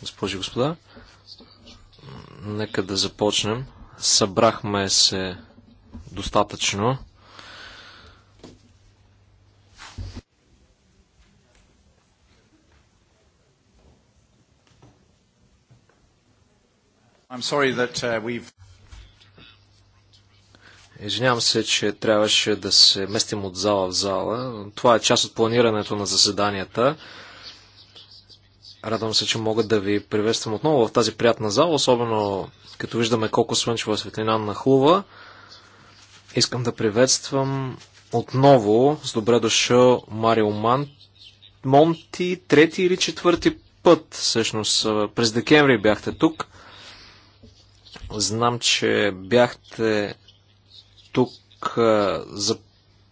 Госпожи и господа, нека да започнем. Събрахме се достатъчно. I'm sorry that uh, we've Извинявам се, че трябваше да се местим от зала в зала. Това е част от планирането на заседанията. Радвам се, че мога да ви приветствам отново в тази приятна зала, особено като виждаме колко слънчева светлина нахлува. Искам да приветствам отново с добре дошъл Марио Мант. Монти, трети или четвърти път, всъщност. През декември бяхте тук. Знам, че бяхте тук за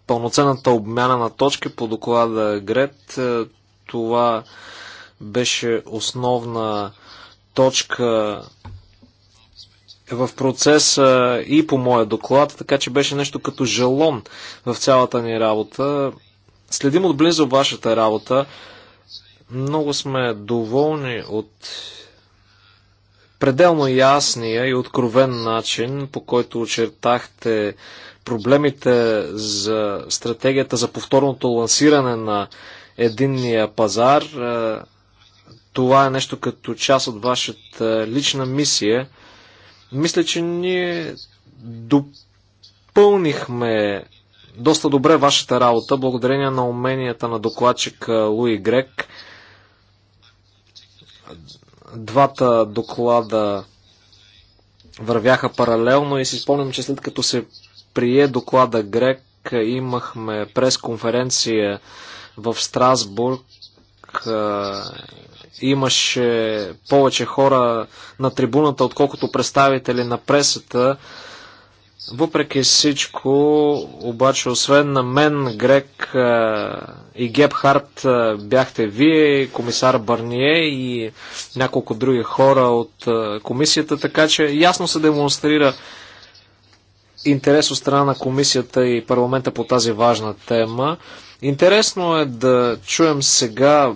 пълноценната обмяна на точки по доклада Грет. Това беше основна точка в процеса и по моя доклад, така че беше нещо като жалон в цялата ни работа. Следим отблизо вашата работа. Много сме доволни от пределно ясния и откровен начин, по който очертахте проблемите за стратегията за повторното лансиране на единния пазар. Е, това е нещо като част от вашата лична мисия. Мисля, че ние допълнихме доста добре вашата работа, благодарение на уменията на докладчик Луи Грек. Двата доклада вървяха паралелно и си спомням, че след като се прие доклада Грек, имахме пресконференция в Страсбург. Имаше повече хора на трибуната, отколкото представители на пресата. Въпреки всичко, обаче, освен на мен, Грек и а, бяхте вие, комисар Барние и няколко други хора от комисията, така че ясно се демонстрира интерес от страна на комисията и парламента по тази важна тема. Интересно е да чуем сега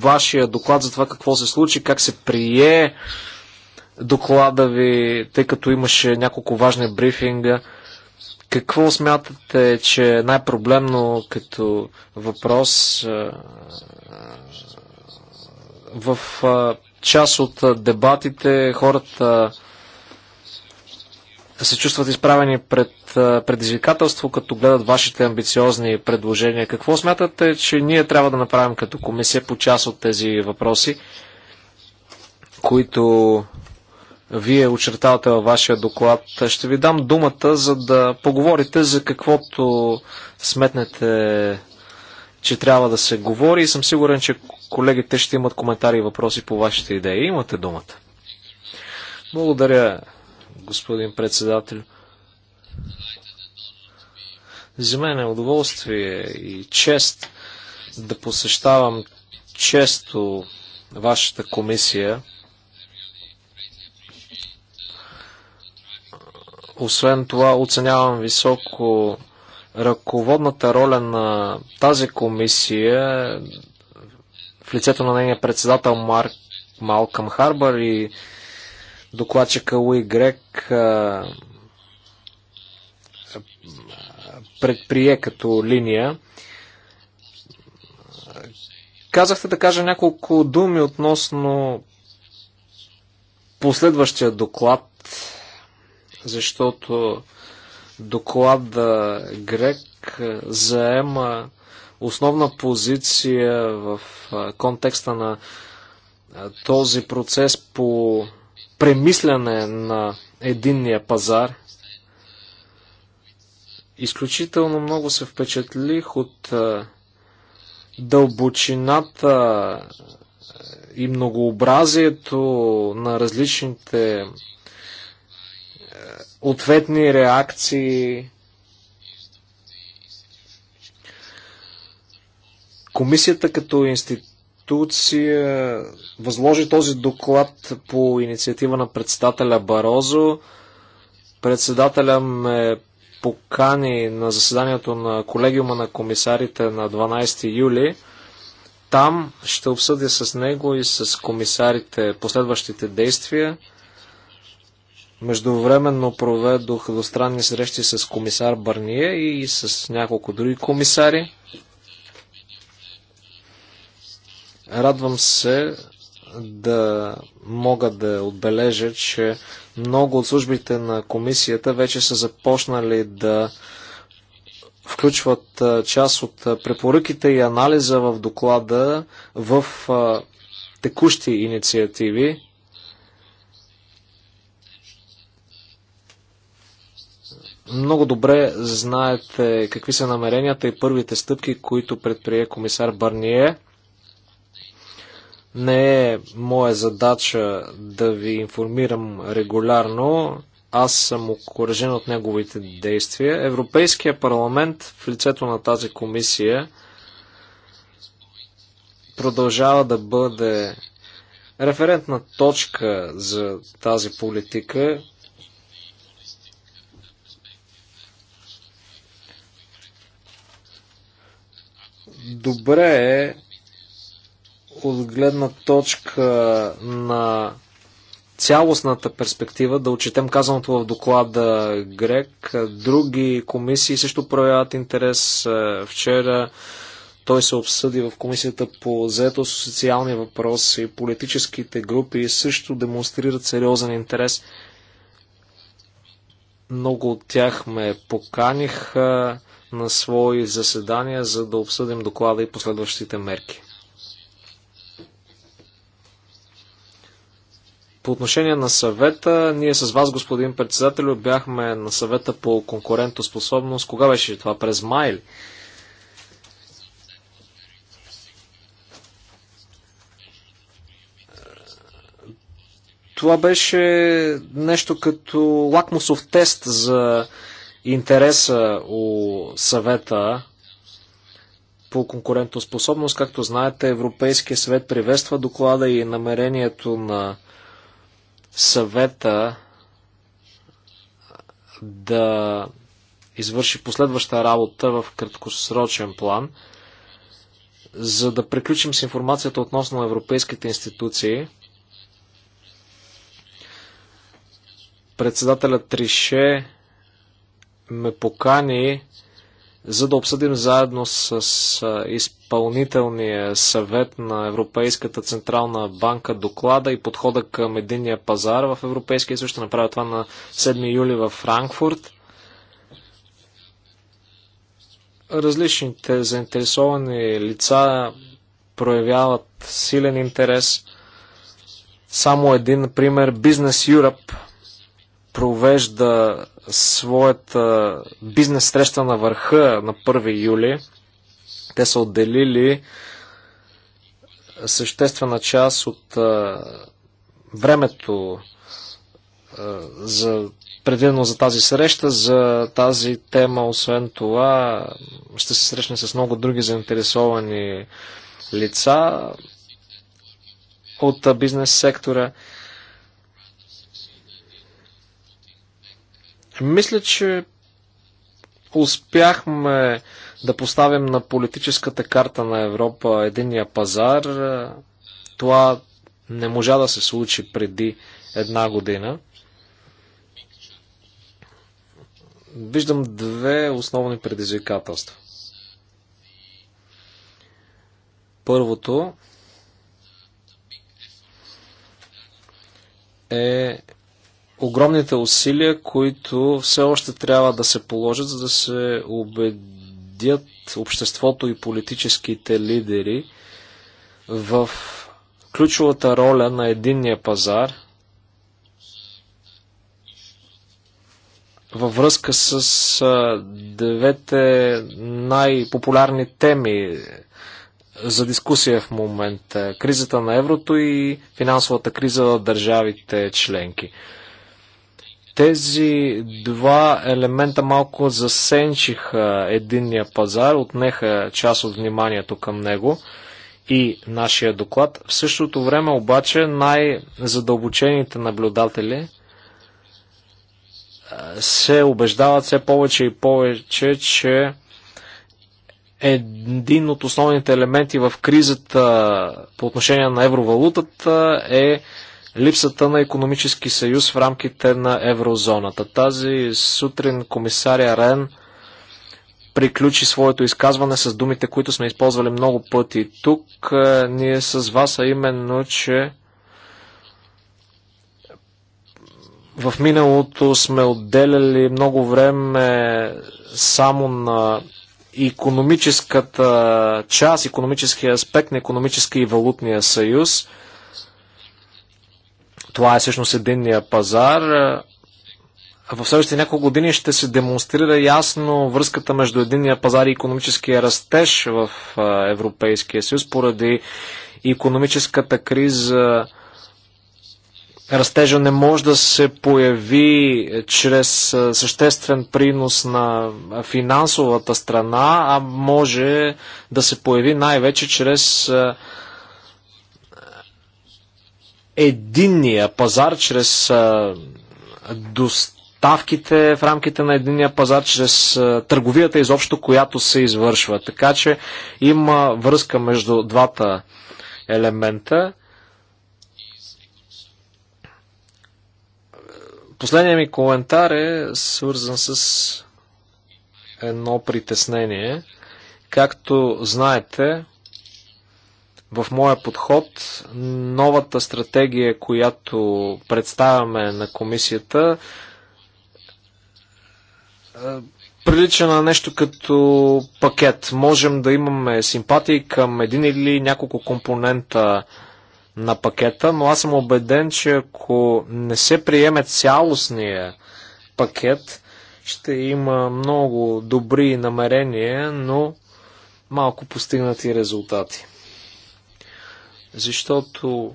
вашия доклад за това какво се случи, как се прие доклада ви, тъй като имаше няколко важни брифинга. Какво смятате, че е най-проблемно като въпрос в част от дебатите хората се чувстват изправени пред предизвикателство, като гледат вашите амбициозни предложения. Какво смятате, че ние трябва да направим като комисия по част от тези въпроси, които вие очертавате във вашия доклад. Ще ви дам думата, за да поговорите за каквото сметнете, че трябва да се говори и съм сигурен, че колегите ще имат коментари и въпроси по вашите идеи. Имате думата. Благодаря, господин председател. За мен е удоволствие и чест да посещавам често вашата комисия. Освен това, оценявам високо ръководната роля на тази комисия в лицето на нейния председател Марк Малкъм Харбър и докладчика Луи Грек предприе като линия. Казахте да кажа няколко думи относно последващия доклад защото доклада Грек е, заема основна позиция в е, контекста на е, този процес по премисляне на единния пазар. Изключително много се впечатлих от дълбочината и многообразието на различните ответни реакции. Комисията като институция възложи този доклад по инициатива на председателя Барозо. Председателя ме покани на заседанието на колегиума на комисарите на 12 юли. Там ще обсъдя с него и с комисарите последващите действия. Междувременно проведох двустранни срещи с комисар Барния и с няколко други комисари. Радвам се да мога да отбележа, че много от службите на комисията вече са започнали да включват част от препоръките и анализа в доклада в текущи инициативи. Много добре знаете какви са намеренията и първите стъпки, които предприе комисар Барние. Не е моя задача да ви информирам регулярно. Аз съм окоръжен от неговите действия. Европейския парламент в лицето на тази комисия продължава да бъде референтна точка за тази политика. добре е от гледна точка на цялостната перспектива, да отчетем казаното в доклада Грек. Други комисии също проявяват интерес. Е, Вчера той се обсъди в комисията по заето социални въпроси. Политическите групи също демонстрират сериозен интерес. Много от тях ме поканиха на свои заседания, за да обсъдим доклада и последващите мерки. По отношение на съвета, ние с вас, господин председател, бяхме на съвета по конкурентоспособност. Кога беше това? През май ли? Това беше нещо като лакмусов тест за интереса у съвета по конкурентоспособност. Както знаете, Европейския съвет приветства доклада и намерението на съвета да извърши последваща работа в краткосрочен план. За да приключим с информацията относно европейските институции, председателят Трише ме покани за да обсъдим заедно с изпълнителния съвет на Европейската централна банка доклада и подхода към единния пазар в Европейския съюз. Ще направя това на 7 юли в Франкфурт. Различните заинтересовани лица проявяват силен интерес. Само един пример. Бизнес Europe провежда своята бизнес среща на върха на 1 юли. Те са отделили съществена част от а, времето а, за предвидено за тази среща, за тази тема. Освен това, ще се срещне с много други заинтересовани лица от бизнес сектора. Мисля, че успяхме да поставим на политическата карта на Европа единния пазар. Това не можа да се случи преди една година. Виждам две основни предизвикателства. Първото е огромните усилия, които все още трябва да се положат, за да се убедят обществото и политическите лидери в ключовата роля на единния пазар във връзка с девете най-популярни теми за дискусия в момента. Кризата на еврото и финансовата криза в държавите членки. Тези два елемента малко засенчиха единния пазар, отнеха част от вниманието към него и нашия доклад. В същото време обаче най-задълбочените наблюдатели се убеждават все повече и повече, че един от основните елементи в кризата по отношение на евровалутата е липсата на економически съюз в рамките на еврозоната. Тази сутрин комисаря Рен приключи своето изказване с думите, които сме използвали много пъти тук. Е, ние с вас, а именно, че в миналото сме отделяли много време само на економическата част, економическия аспект на економическия и валутния съюз – това е всъщност единния пазар. В следващите няколко години ще се демонстрира ясно връзката между единния пазар и економическия растеж в Европейския съюз поради економическата криза. Растежа не може да се появи е, чрез съществен принос на финансовата страна, а може да се появи най-вече чрез единния пазар, чрез доставките в рамките на единния пазар, чрез търговията изобщо, която се извършва. Така че има връзка между двата елемента. Последният ми коментар е свързан с едно притеснение. Както знаете, в моя подход новата стратегия, която представяме на комисията, е, прилича на нещо като пакет. Можем да имаме симпатии към един или няколко компонента на пакета, но аз съм убеден, че ако не се приеме цялостния пакет, ще има много добри намерения, но малко постигнати резултати защото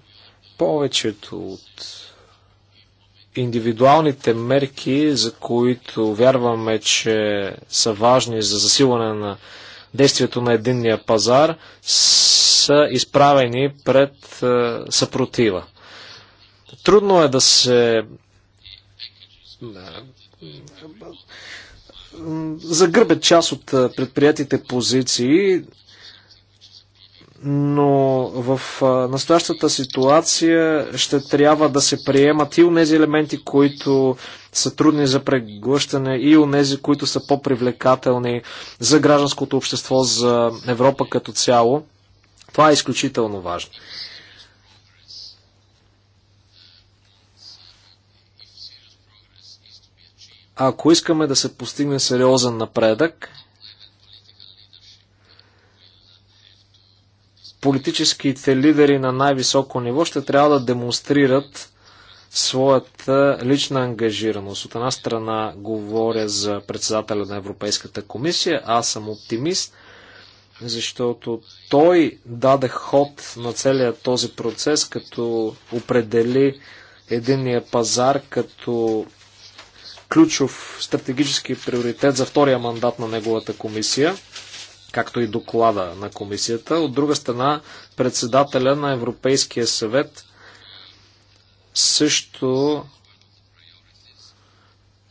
повечето от индивидуалните мерки, за които вярваме, че са важни за засилване на действието на единния пазар, са изправени пред е, съпротива. Трудно е да се е, загърбят част от е, предприятите позиции, но в настоящата ситуация ще трябва да се приемат и нези елементи, които са трудни за преглъщане и нези, които са по-привлекателни за гражданското общество, за Европа като цяло. Това е изключително важно. Ако искаме да се постигне сериозен напредък, политическите лидери на най-високо ниво ще трябва да демонстрират своята лична ангажираност. От една страна говоря за председателя на Европейската комисия, аз съм оптимист, защото той даде ход на целия този процес, като определи единния пазар като ключов стратегически приоритет за втория мандат на неговата комисия както и доклада на комисията. От друга страна, председателя на Европейския съвет също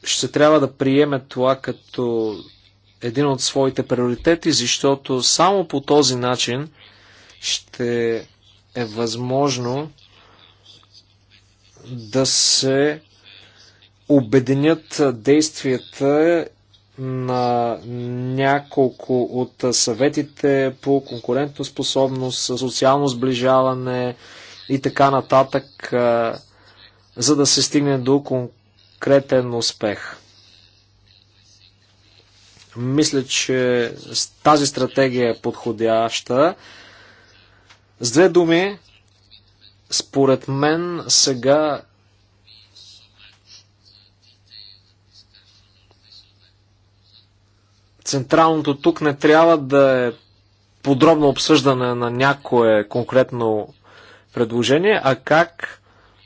ще трябва да приеме това като един от своите приоритети, защото само по този начин ще е възможно да се обединят действията на няколко от съветите по конкурентоспособност, социално сближаване и така нататък, за да се стигне до конкретен успех. Мисля, че тази стратегия е подходяща. С две думи, според мен сега Централното тук не трябва да е подробно обсъждане на някое конкретно предложение, а как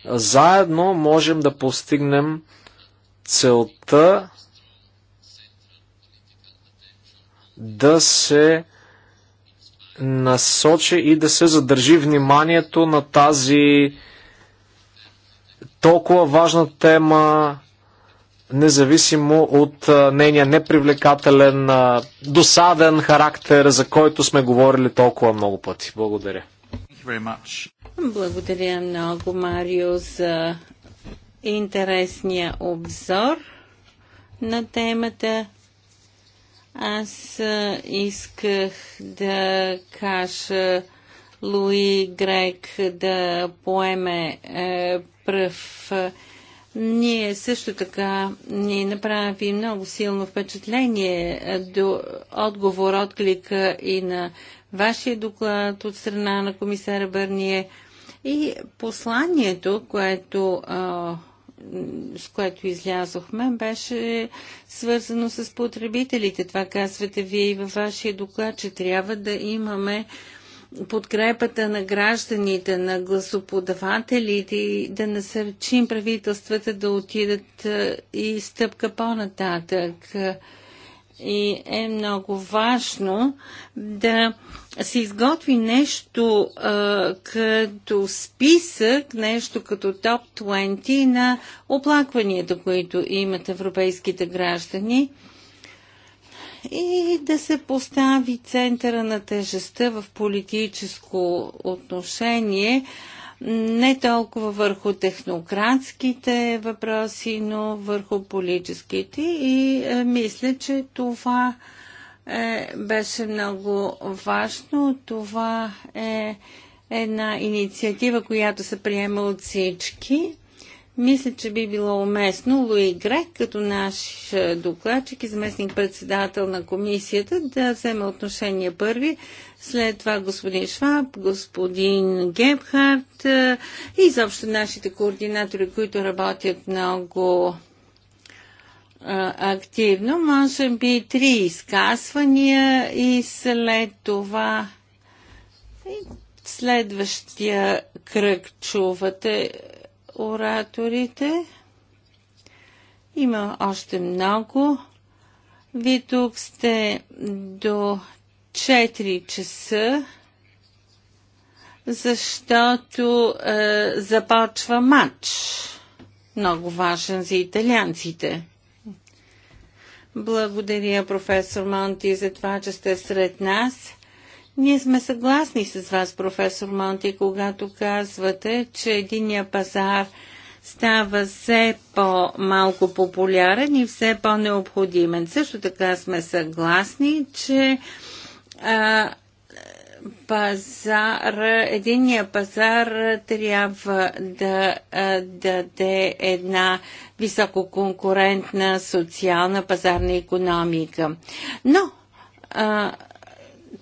заедно можем да постигнем целта да се насочи и да се задържи вниманието на тази толкова важна тема независимо от нейния непривлекателен, досаден характер, за който сме говорили толкова много пъти. Благодаря. Благодаря много, Марио, за интересния обзор на темата. Аз исках да кажа Луи Грек да поеме е, пръв. Е, ние също така ни направи много силно впечатление до отговор, отклика и на вашия доклад от страна на комисара Бърние и посланието, което а, с което излязохме, беше свързано с потребителите. Това казвате вие и във вашия доклад, че трябва да имаме подкрепата на гражданите, на гласоподавателите и да насърчим правителствата да отидат и стъпка по-нататък. И е много важно да се изготви нещо а, като списък, нещо като топ 20 на оплакванията, които имат европейските граждани и да се постави центъра на тежестта в политическо отношение не толкова върху технократските въпроси, но върху политическите. И е, мисля, че това е, беше много важно. Това е една инициатива, която се приема от всички. Мисля, че би било уместно Луи Грек, като наш е, докладчик и заместник председател на комисията, да вземе отношение първи, след това господин Шваб, господин Гебхарт е, и изобщо нашите координатори, които работят много е, активно, може би три изказвания и след това следващия кръг чувате ораторите. Има още много. ви тук сте до 4 часа, защото е, започва матч. Много важен за италианците. Благодаря, професор Монти, за това, че сте сред нас. Ние сме съгласни с вас, професор Монти, когато казвате, че единия пазар става все по-малко популярен и все по-необходимен. Също така сме съгласни, че а, пазар, единия пазар трябва да, да даде една висококонкурентна социална пазарна економика. Но а,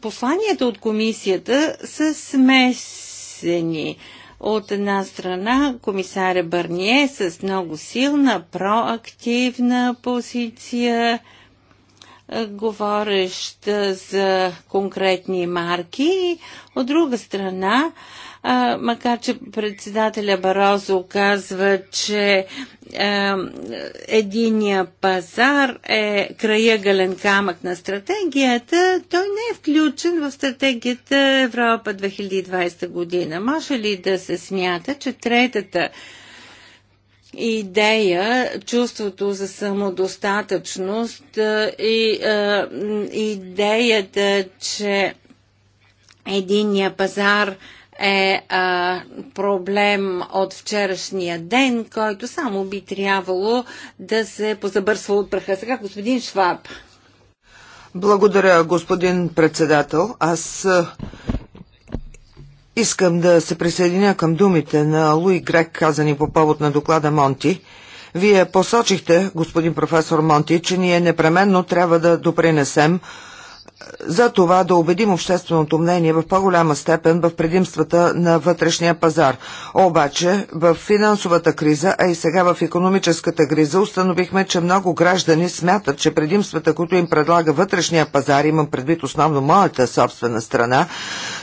посланията от комисията са смесени. От една страна комисаря Бърние е с много силна, проактивна позиция, е, говорещ за конкретни марки. От друга страна, а, макар че председателя Барозо казва, че а, единия пазар е краягален камък на стратегията, той не е включен в стратегията Европа 2020 година. Може ли да се смята, че третата идея, чувството за самодостатъчност и а, идеята, че единия пазар е а, проблем от вчерашния ден, който само би трябвало да се позабърсва от праха. Сега господин Шваб. Благодаря, господин председател. Аз искам да се присъединя към думите на Луи Грек, казани по повод на доклада Монти. Вие посочихте, господин професор Монти, че ние непременно трябва да допринесем за това да убедим общественото мнение в по-голяма степен в предимствата на вътрешния пазар. Обаче в финансовата криза, а и сега в економическата криза, установихме, че много граждани смятат, че предимствата, които им предлага вътрешния пазар, имам предвид основно моята собствена страна,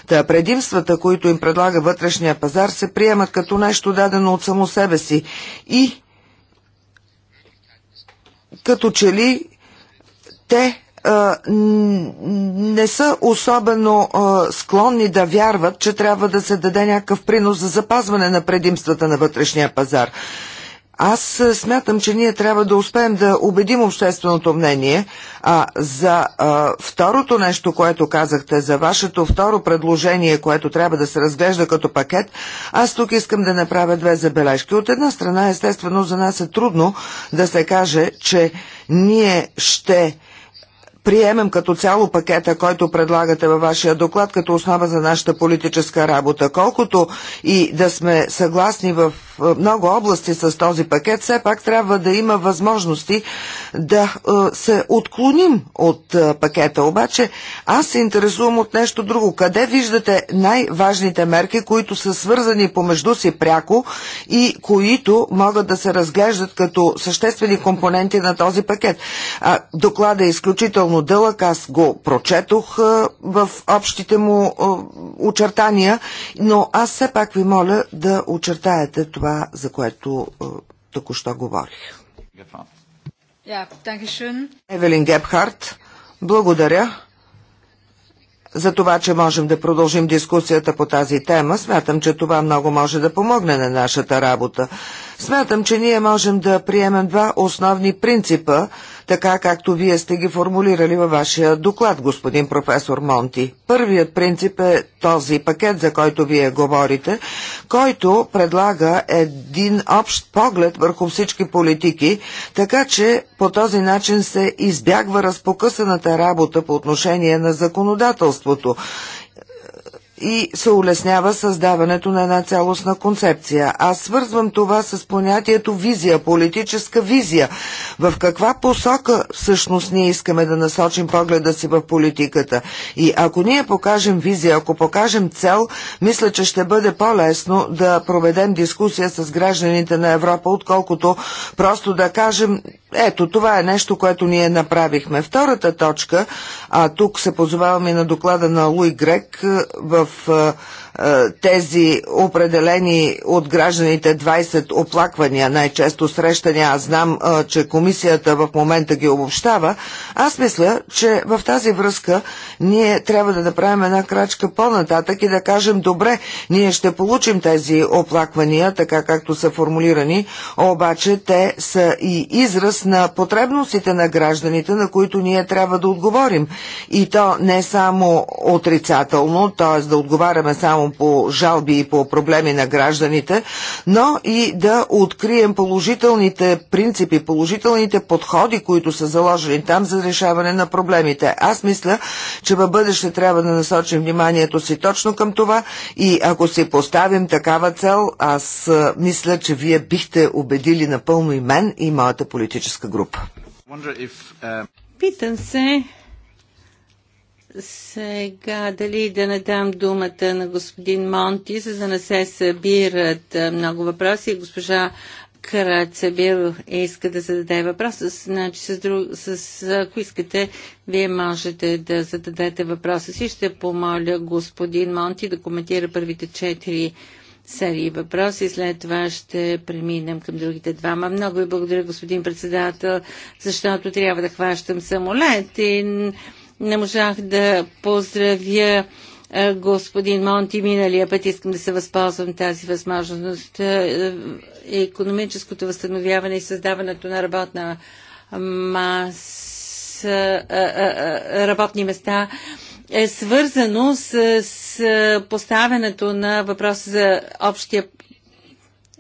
да предимствата, които им предлага вътрешния пазар, се приемат като нещо дадено от само себе си и като че ли те не са особено склонни да вярват, че трябва да се даде някакъв принос за запазване на предимствата на вътрешния пазар. Аз смятам, че ние трябва да успеем да убедим общественото мнение. А за а, второто нещо, което казахте, за вашето второ предложение, което трябва да се разглежда като пакет, аз тук искам да направя две забележки. От една страна, естествено, за нас е трудно да се каже, че ние ще приемем като цяло пакета, който предлагате във вашия доклад като основа за нашата политическа работа. Колкото и да сме съгласни в много области с този пакет, все пак трябва да има възможности да е, се отклоним от е, пакета. Обаче аз се интересувам от нещо друго. Къде виждате най-важните мерки, които са свързани помежду си пряко и които могат да се разглеждат като съществени компоненти на този пакет? А, доклада е изключително изключително дълъг, аз го прочетох в общите му очертания, но аз все пак ви моля да очертаете това, за което току-що говорих. Евелин Гепхарт, благодаря за това, че можем да продължим дискусията по тази тема. Смятам, че това много може да помогне на нашата работа. Смятам, че ние можем да приемем два основни принципа, така както вие сте ги формулирали във вашия доклад, господин професор Монти. Първият принцип е този пакет, за който вие говорите, който предлага един общ поглед върху всички политики, така че по този начин се избягва разпокъсаната работа по отношение на законодателството и се улеснява създаването на една цялостна концепция. Аз свързвам това с понятието визия, политическа визия. В каква посока всъщност ние искаме да насочим погледа си в политиката? И ако ние покажем визия, ако покажем цел, мисля, че ще бъде по-лесно да проведем дискусия с гражданите на Европа, отколкото просто да кажем ето, това е нещо, което ние направихме. Втората точка, а тук се позоваваме на доклада на Луи Грек в е, тези определени от гражданите 20 оплаквания, най-често срещания, аз знам, е, че комисията в момента ги обобщава, аз мисля, че в тази връзка ние трябва да направим една крачка по-нататък и да кажем, добре, ние ще получим тези оплаквания, така както са формулирани, обаче те са и израз на потребностите на гражданите, на които ние трябва да отговорим. И то не само отрицателно, т.е. да отговаряме само само по жалби и по проблеми на гражданите, но и да открием положителните принципи, положителните подходи, които са заложени там за решаване на проблемите. Аз мисля, че във бъдеще трябва да насочим вниманието си точно към това и ако си поставим такава цел, аз мисля, че вие бихте убедили напълно и мен и моята политическа група. Uh, Питам се сега дали да не дам думата на господин Монти, за да не се събират много въпроси. Госпожа Карацебил иска да зададе въпрос. Значи с, друг, с, ако искате, вие можете да зададете въпроса си. Ще помоля господин Монти да коментира първите четири серии въпроси. След това ще преминем към другите двама. Много ви благодаря, господин председател, защото трябва да хващам самолет и не можах да поздравя господин Монти миналия път. Искам да се възползвам тази възможност. Е, економическото възстановяване и създаването на работна маса, работни места е свързано с, с поставянето на въпроса за общия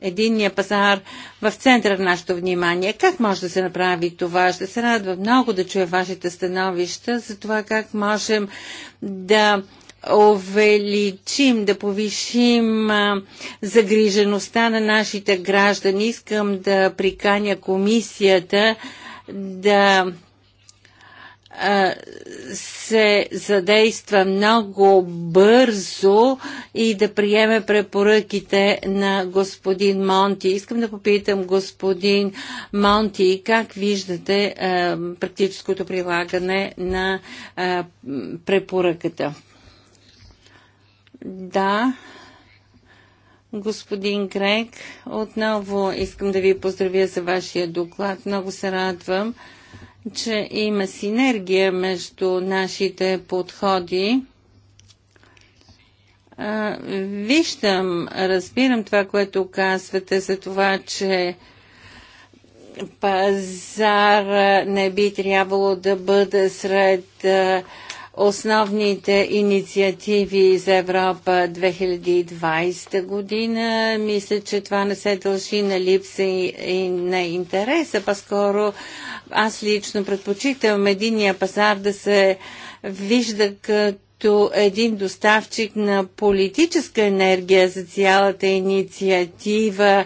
единния пазар в центъра на нашето внимание. Как може да се направи това? Ще се радва много да чуя вашите становища за това как можем да увеличим, да повишим а, загрижеността на нашите граждани. Искам да приканя комисията да се задейства много бързо и да приеме препоръките на господин Монти. Искам да попитам господин Монти как виждате практическото прилагане на препоръката. Да. Господин Грек, отново искам да ви поздравя за вашия доклад. Много се радвам че има синергия между нашите подходи. Виждам, разбирам това, което казвате за това, че пазар не би трябвало да бъде сред основните инициативи за Европа 2020 година. Мисля, че това не се дължи на липса и, на интереса. По-скоро аз лично предпочитам единия пазар да се вижда като като един доставчик на политическа енергия за цялата инициатива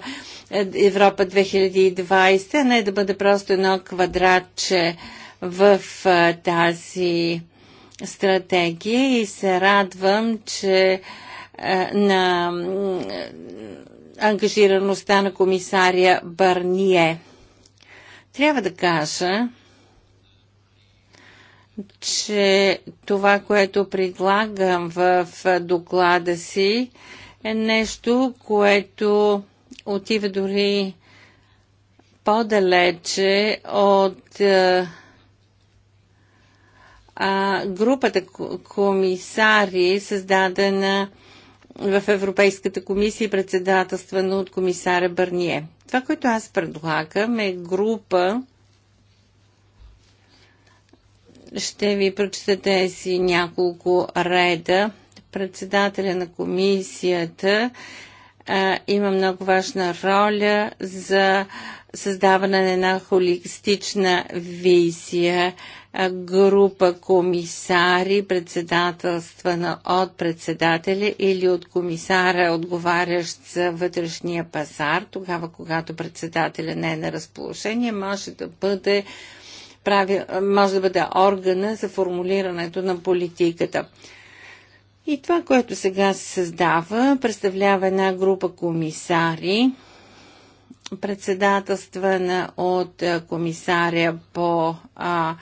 Европа 2020, а не да бъде просто едно квадратче в тази стратегия и се радвам, че е, на ангажираността на комисаря Барние. Трябва да кажа, че това, което предлагам в доклада си, е нещо, което отива дори по-далече от е, а, групата комисари, е създадена в Европейската комисия, председателствана от комисара Бърние. Това, което аз предлагам е група. Ще ви прочета тези няколко реда. Председателя на комисията а, има много важна роля за създаване на една холистична визия група комисари, председателствана от председателя или от комисара, отговарящ за вътрешния пазар, тогава когато председателя не е на разположение, може да бъде прави, може да бъде органа за формулирането на политиката. И това, което сега се създава, представлява една група комисари, председателствана от комисаря по а,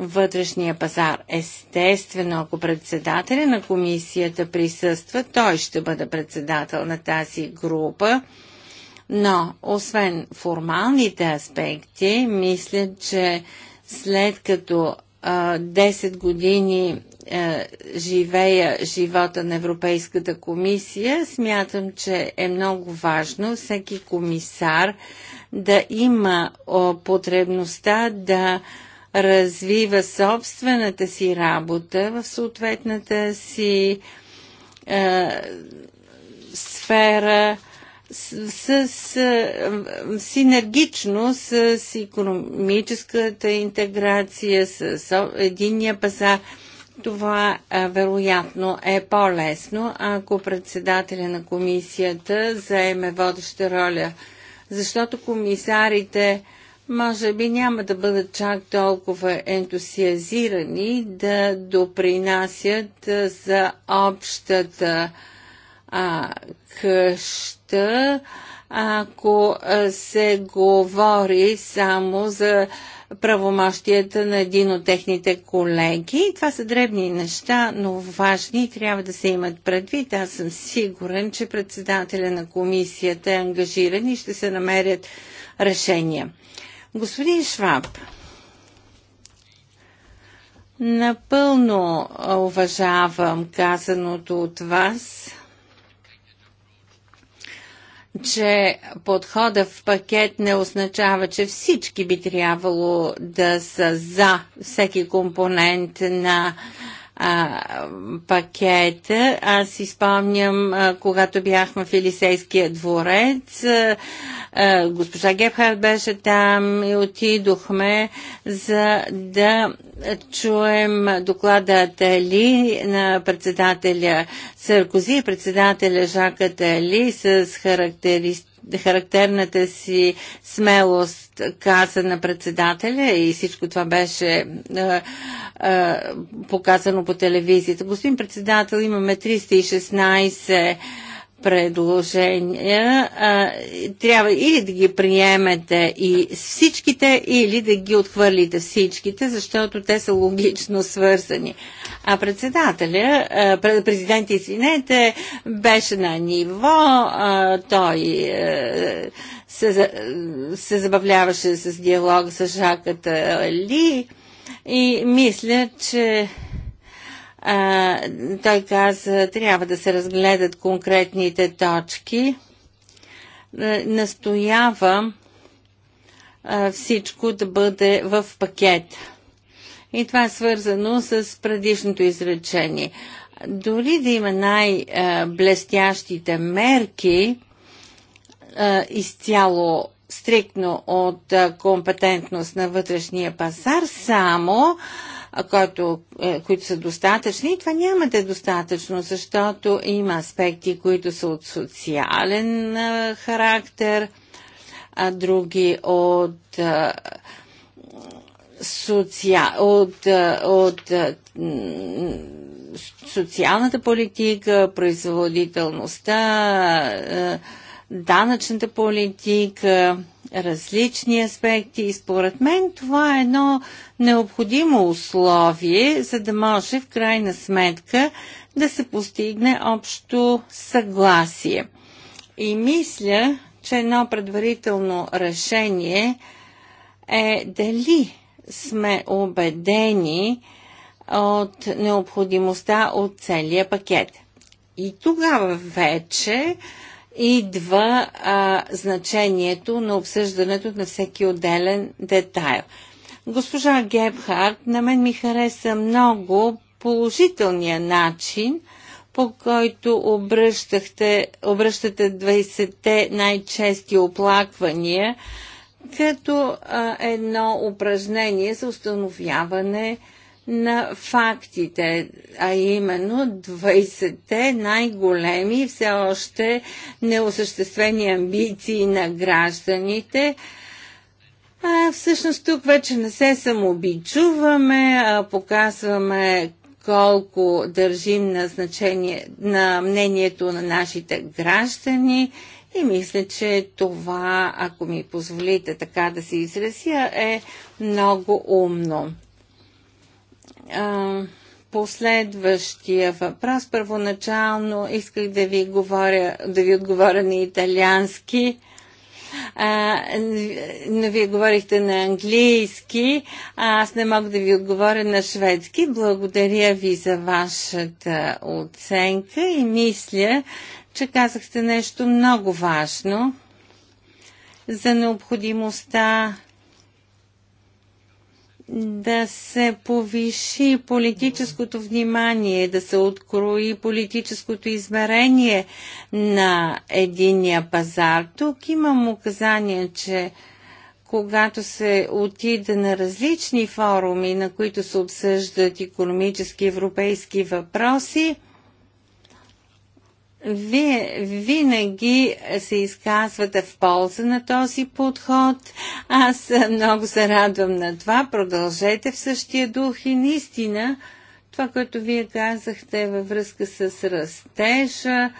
вътрешния пазар. Естествено, ако председателя на комисията присъства, той ще бъде председател на тази група. Но, освен формалните аспекти, мисля, че след като а, 10 години а, живея живота на Европейската комисия, смятам, че е много важно всеки комисар да има а, потребността да а, развива собствената си работа в съответната си е, сфера с, с с, е, синергично с, економическата интеграция, с, с единния пазар. Това е, вероятно е по-лесно, ако председателя на комисията заеме водеща роля, защото комисарите може би няма да бъдат чак толкова ентусиазирани да допринасят за общата а, къща, ако се говори само за правомощията на един от техните колеги. Това са дребни неща, но важни и трябва да се имат предвид. Аз съм сигурен, че председателя на комисията е ангажиран и ще се намерят решения. Господин Шваб, напълно уважавам казаното от вас че подхода в пакет не означава, че всички би трябвало да са за всеки компонент на а, пакета. Аз си спомням, а, когато бяхме в Елисейския дворец, а, а, госпожа Гебхард беше там и отидохме за да чуем доклада Тали на председателя Саркози и председателя Жака Тали с характеристи характерната си смелост каза на председателя и всичко това беше а, е, а, е, показано по телевизията. Господин председател, имаме 316 предложения. Е, трябва или да ги приемете и всичките, или да ги отхвърлите всичките, защото те са логично свързани. А председателя, президент, извинете, беше на ниво, той е, се, се забавляваше с диалог с Жаката Ли и мисля, че той каза, трябва да се разгледат конкретните точки. Е, настоявам всичко да бъде в пакет. И това е свързано с предишното изречение. Дори да има най-блестящите мерки, изцяло стриктно от компетентност на вътрешния пазар, само който, е, които са достатъчни. И това няма да е достатъчно, защото има аспекти, които са от социален характер, а други от социал, от, от социалната политика, производителността, данъчната политика, различни аспекти. И според мен това е едно необходимо условие, за да може в крайна сметка да се постигне общо съгласие. И мисля, че едно предварително решение е дали сме убедени от необходимостта от целия пакет. И тогава вече идва а, значението на обсъждането на всеки отделен детайл. Госпожа Гебхарт, на мен ми хареса много положителния начин, по който обръщахте, обръщате 20-те най-чести оплаквания като а, едно упражнение за установяване на фактите, а именно 20-те най-големи все още неосъществени амбиции на гражданите. А, всъщност тук вече не се самообичуваме, а показваме колко държим на, значение, на мнението на нашите граждани и мисля, че това, ако ми позволите така да се изразя, е много умно. А, последващия въпрос. Първоначално исках да ви, говоря, да ви отговоря на италиански. А, но вие говорихте на английски, а аз не мога да ви отговоря на шведски. Благодаря ви за вашата оценка и мисля, че казахте нещо много важно за необходимостта да се повиши политическото внимание, да се открои политическото измерение на единия пазар. Тук имам указание, че когато се отида на различни форуми, на които се обсъждат економически европейски въпроси, вие винаги се изказвате в полза на този подход. Аз много се радвам на това. Продължете в същия дух и наистина това, което вие казахте във връзка с растежа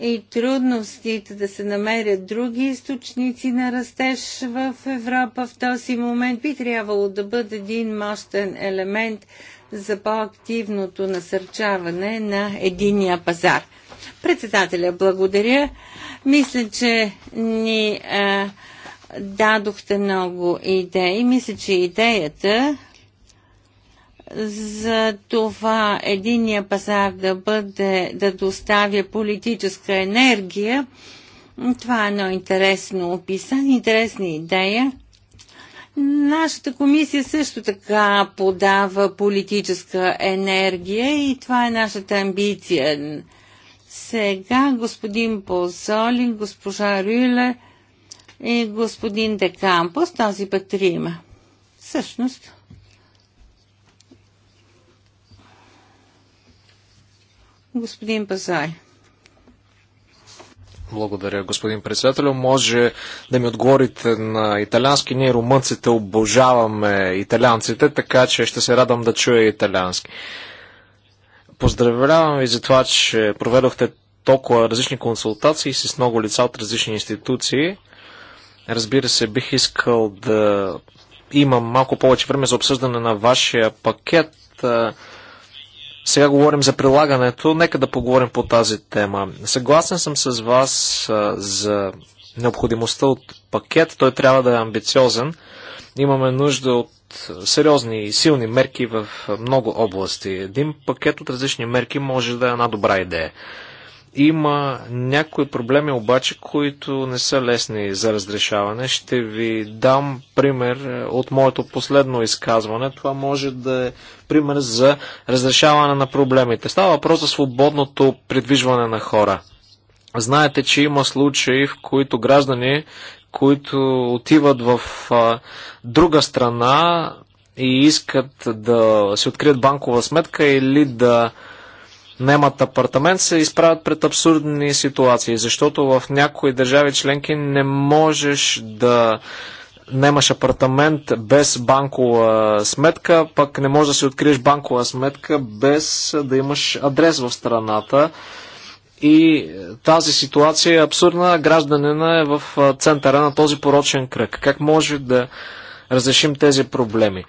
и трудностите да се намерят други източници на растеж в Европа в този момент би трябвало да бъде един мощен елемент за по-активното насърчаване на единия пазар. Председателя, благодаря. Мисля, че ни а, дадохте много идеи. Мисля, че идеята за това единия пазар да бъде, да доставя политическа енергия, това е едно интересно описание, интересна идея. Нашата комисия също така подава политическа енергия и това е нашата амбиция. Сега господин Позолин, госпожа Рюле и господин Декампос, този път има Всъщност, господин Пазай. Благодаря, господин председател. Може да ми отговорите на италянски. Ние, румънците, обожаваме италянците, така че ще се радвам да чуя италянски. Поздравлявам ви за това, че проведохте толкова различни консултации с много лица от различни институции. Разбира се, бих искал да имам малко повече време за обсъждане на вашия пакет. Сега говорим за прилагането. Нека да поговорим по тази тема. Съгласен съм с вас за необходимостта от пакет. Той трябва да е амбициозен. Имаме нужда от сериозни и силни мерки в много области. Един пакет от различни мерки може да е една добра идея. Има някои проблеми обаче, които не са лесни за разрешаване. Ще ви дам пример от моето последно изказване. Това може да е пример за разрешаване на проблемите. Става въпрос за свободното придвижване на хора. Знаете, че има случаи, в които граждани, които отиват в а, друга страна и искат да си открият банкова сметка или да немат апартамент, се изправят пред абсурдни ситуации, защото в някои държави членки не можеш да немаш апартамент без банкова сметка, пък не можеш да си откриеш банкова сметка без да имаш адрес в страната. И е, тази ситуация е абсурдна. Гражданина е в е, центъра на този порочен кръг. Как може да разрешим тези проблеми?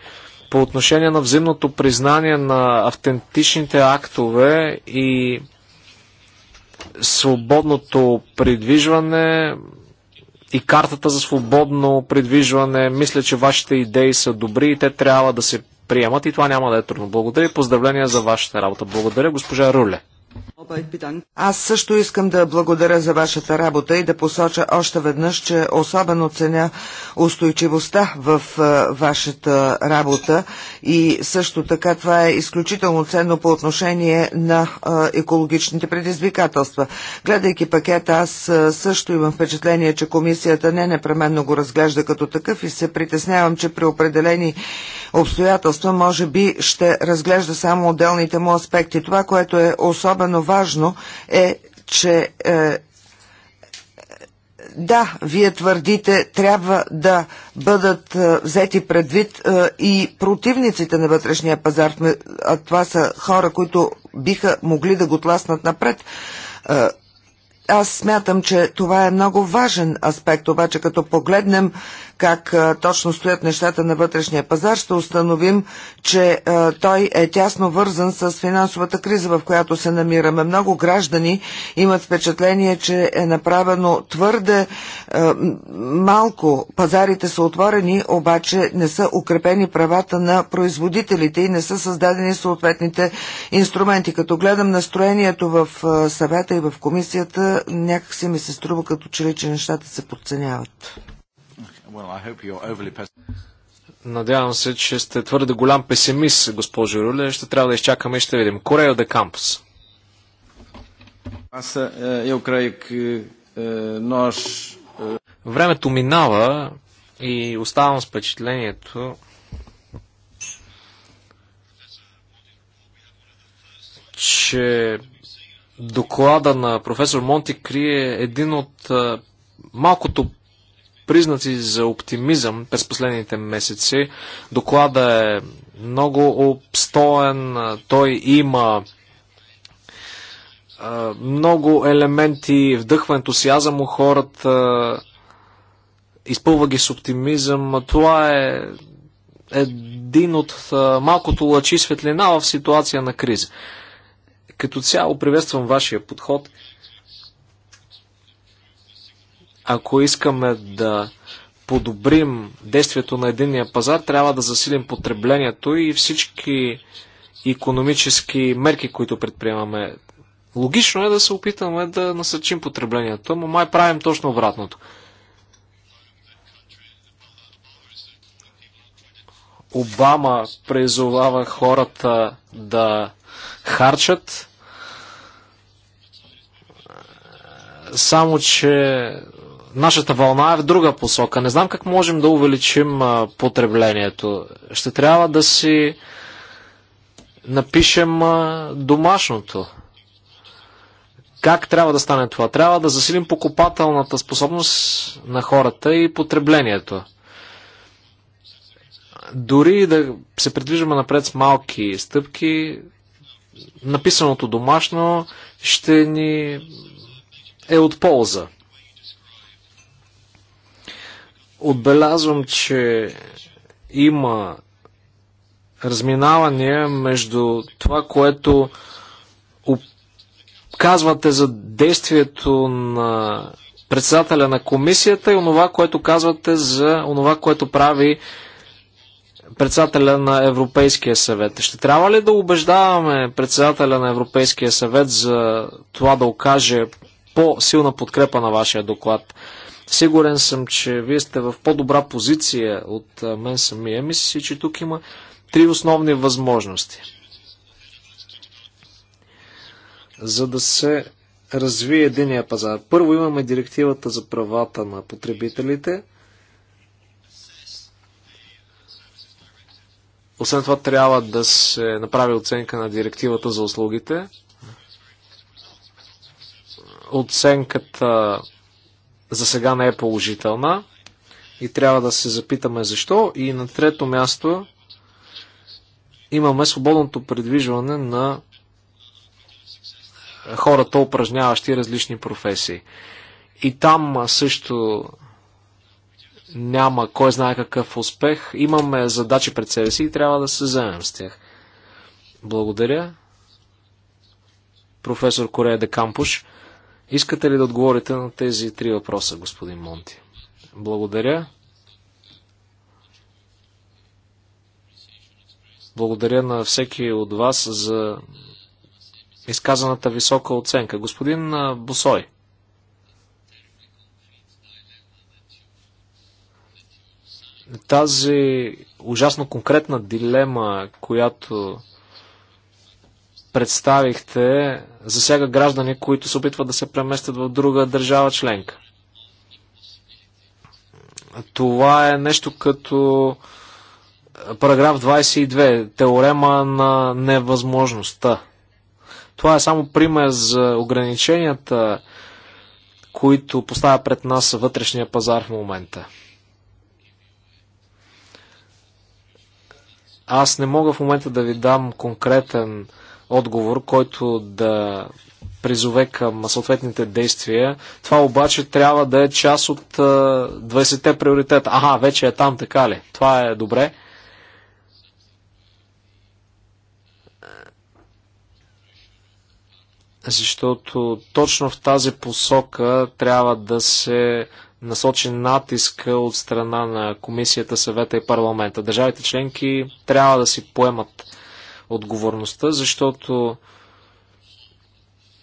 По отношение на взаимното признание на автентичните актове и свободното придвижване и картата за свободно придвижване, мисля, че вашите идеи са добри и те трябва да се приемат и това няма да е трудно. Благодаря и поздравления за вашата работа. Благодаря, госпожа Руле. Аз също искам да благодаря за вашата работа и да посоча още веднъж, че особено ценя устойчивостта в вашата работа и също така това е изключително ценно по отношение на екологичните предизвикателства. Гледайки пакета, аз също имам впечатление, че комисията не непременно го разглежда като такъв и се притеснявам, че при определени обстоятелства може би ще разглежда само отделните му аспекти. Това, което е особено особено важно е, че е, да, вие твърдите, трябва да бъдат е, взети предвид е, и противниците на вътрешния пазар, а това са хора, които биха могли да го тласнат напред. Е, аз смятам, че това е много важен аспект, обаче като погледнем как точно стоят нещата на вътрешния пазар, ще установим, че той е тясно вързан с финансовата криза, в която се намираме. Много граждани имат впечатление, че е направено твърде малко. Пазарите са отворени, обаче не са укрепени правата на производителите и не са създадени съответните инструменти. Като гледам настроението в съвета и в комисията, някакси ми се струва като че ли, че нещата се подценяват. Надявам се, че сте твърде голям песимист, госпожо Руле. Ще трябва да изчакаме и ще видим. Корея де Кампус. Е, е, е Времето минава и оставам с впечатлението, че доклада на професор Монти крие един от малкото признаци за оптимизъм през последните месеци. Доклада е много обстоен, той има много елементи, вдъхва ентусиазъм у хората, изпълва ги с оптимизъм. Това е един от малкото лъчи светлина в ситуация на криза. Като цяло приветствам вашия подход – ако искаме да подобрим действието на единния пазар, трябва да засилим потреблението и всички економически мерки, които предприемаме. Логично е да се опитаме да насърчим потреблението, но май правим точно обратното. Обама призовава хората да харчат, само че нашата вълна е в друга посока. Не знам как можем да увеличим потреблението. Ще трябва да си напишем домашното. Как трябва да стане това? Трябва да засилим покупателната способност на хората и потреблението. Дори да се придвижваме напред с малки стъпки, написаното домашно ще ни е от полза. Отбелязвам, че има разминавания между това, което казвате за действието на председателя на комисията и онова, което казвате за онова, което прави председателя на Европейския съвет. Ще трябва ли да убеждаваме председателя на Европейския съвет за това да окаже по-силна подкрепа на вашия доклад? Сигурен съм, че вие сте в по-добра позиция от мен самия. Мисля си, че тук има три основни възможности. За да се развие единия пазар. Първо имаме директивата за правата на потребителите. Освен това трябва да се направи оценка на директивата за услугите. Оценката за сега не е положителна и трябва да се запитаме защо. И на трето място имаме свободното предвижване на хората, упражняващи различни професии. И там също няма кой знае какъв успех. Имаме задачи пред себе си и трябва да се вземем с тях. Благодаря. Професор Корея де Кампуш. Искате ли да отговорите на тези три въпроса, господин Монти? Благодаря. Благодаря на всеки от вас за изказаната висока оценка. Господин Босой. Тази ужасно конкретна дилема, която представихте, засяга граждани, които се опитват да се преместят в друга държава членка. Това е нещо като е, параграф 22, теорема на невъзможността. Това е само пример за ограниченията, които поставя пред нас вътрешния пазар в момента. Аз не мога в момента да ви дам конкретен отговор, който да призове към съответните действия. Това обаче трябва да е част от 20-те приоритета. Ага, вече е там, така ли? Това е добре. Защото точно в тази посока трябва да се насочи натиска от страна на комисията, съвета и парламента. Държавите членки трябва да си поемат отговорността, защото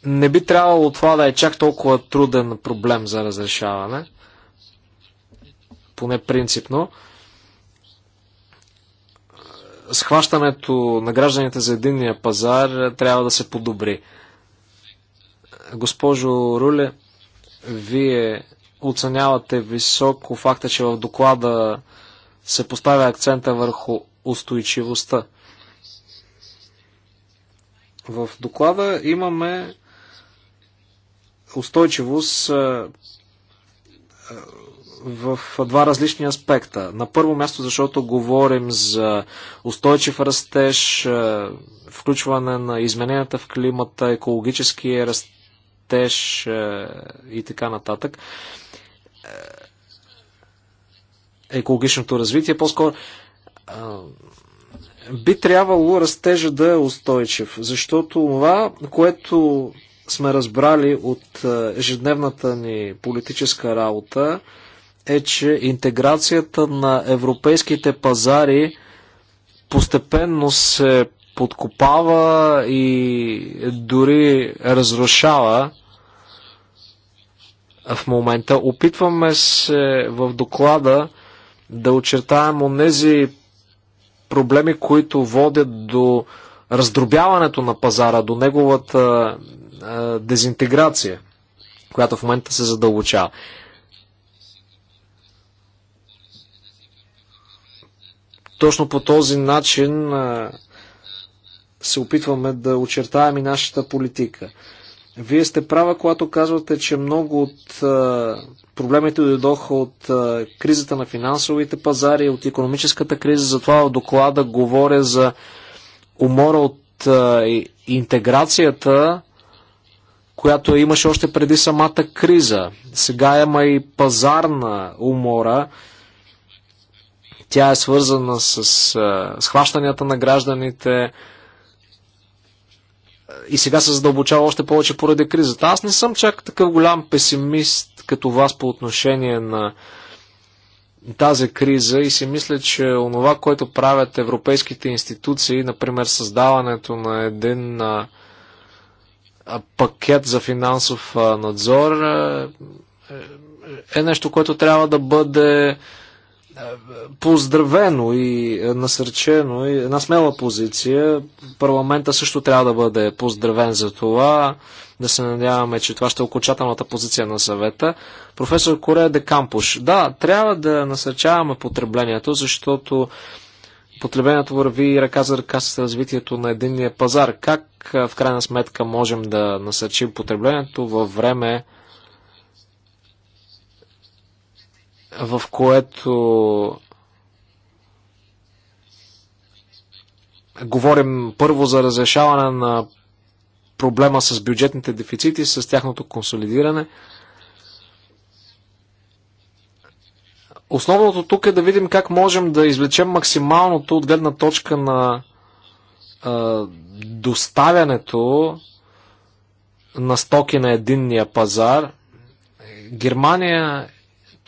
не би трябвало това да е чак толкова труден проблем за разрешаване, поне принципно. Схващането на гражданите за единния пазар трябва да се подобри. Госпожо Руле, вие оценявате високо факта, че в доклада се поставя акцента върху устойчивостта. В доклада имаме устойчивост в два различни аспекта. На първо място, защото говорим за устойчив растеж, включване на измененията в климата, екологически растеж и така нататък. Екологичното развитие по-скоро би трябвало растежа да е устойчив, защото това, което сме разбрали от е, ежедневната ни политическа работа, е, че интеграцията на европейските пазари постепенно се подкопава и дори разрушава в момента. Опитваме се в доклада да очертаем онези проблеми, които водят до раздробяването на пазара, до неговата а, дезинтеграция, която в момента се задълбочава. Точно по този начин а, се опитваме да очертаем и нашата политика. Вие сте права, когато казвате, че много от проблемите дойдоха от кризата на финансовите пазари, от економическата криза. Затова в доклада говоря за умора от интеграцията, която имаше още преди самата криза. Сега има и пазарна умора. Тя е свързана с схващанията на гражданите, и сега се задълбочава още повече поради кризата. Аз не съм чак такъв голям песимист като вас по отношение на тази криза и си мисля, че онова, което правят европейските институции, например създаването на един а, пакет за финансов а, надзор, а, е, е, е нещо, което трябва да бъде поздравено и насърчено и една смела позиция. Парламента също трябва да бъде поздравен за това. Да се надяваме, че това ще е окончателната позиция на съвета. Професор Корея де Кампуш. Да, трябва да насърчаваме потреблението, защото потреблението върви ръка за ръка с развитието на единния пазар. Как в крайна сметка можем да насърчим потреблението във време, в което говорим първо за разрешаване на проблема с бюджетните дефицити, с тяхното консолидиране. Основното тук е да видим как можем да извлечем максималното от гледна точка на а, доставянето на стоки на единния пазар. Германия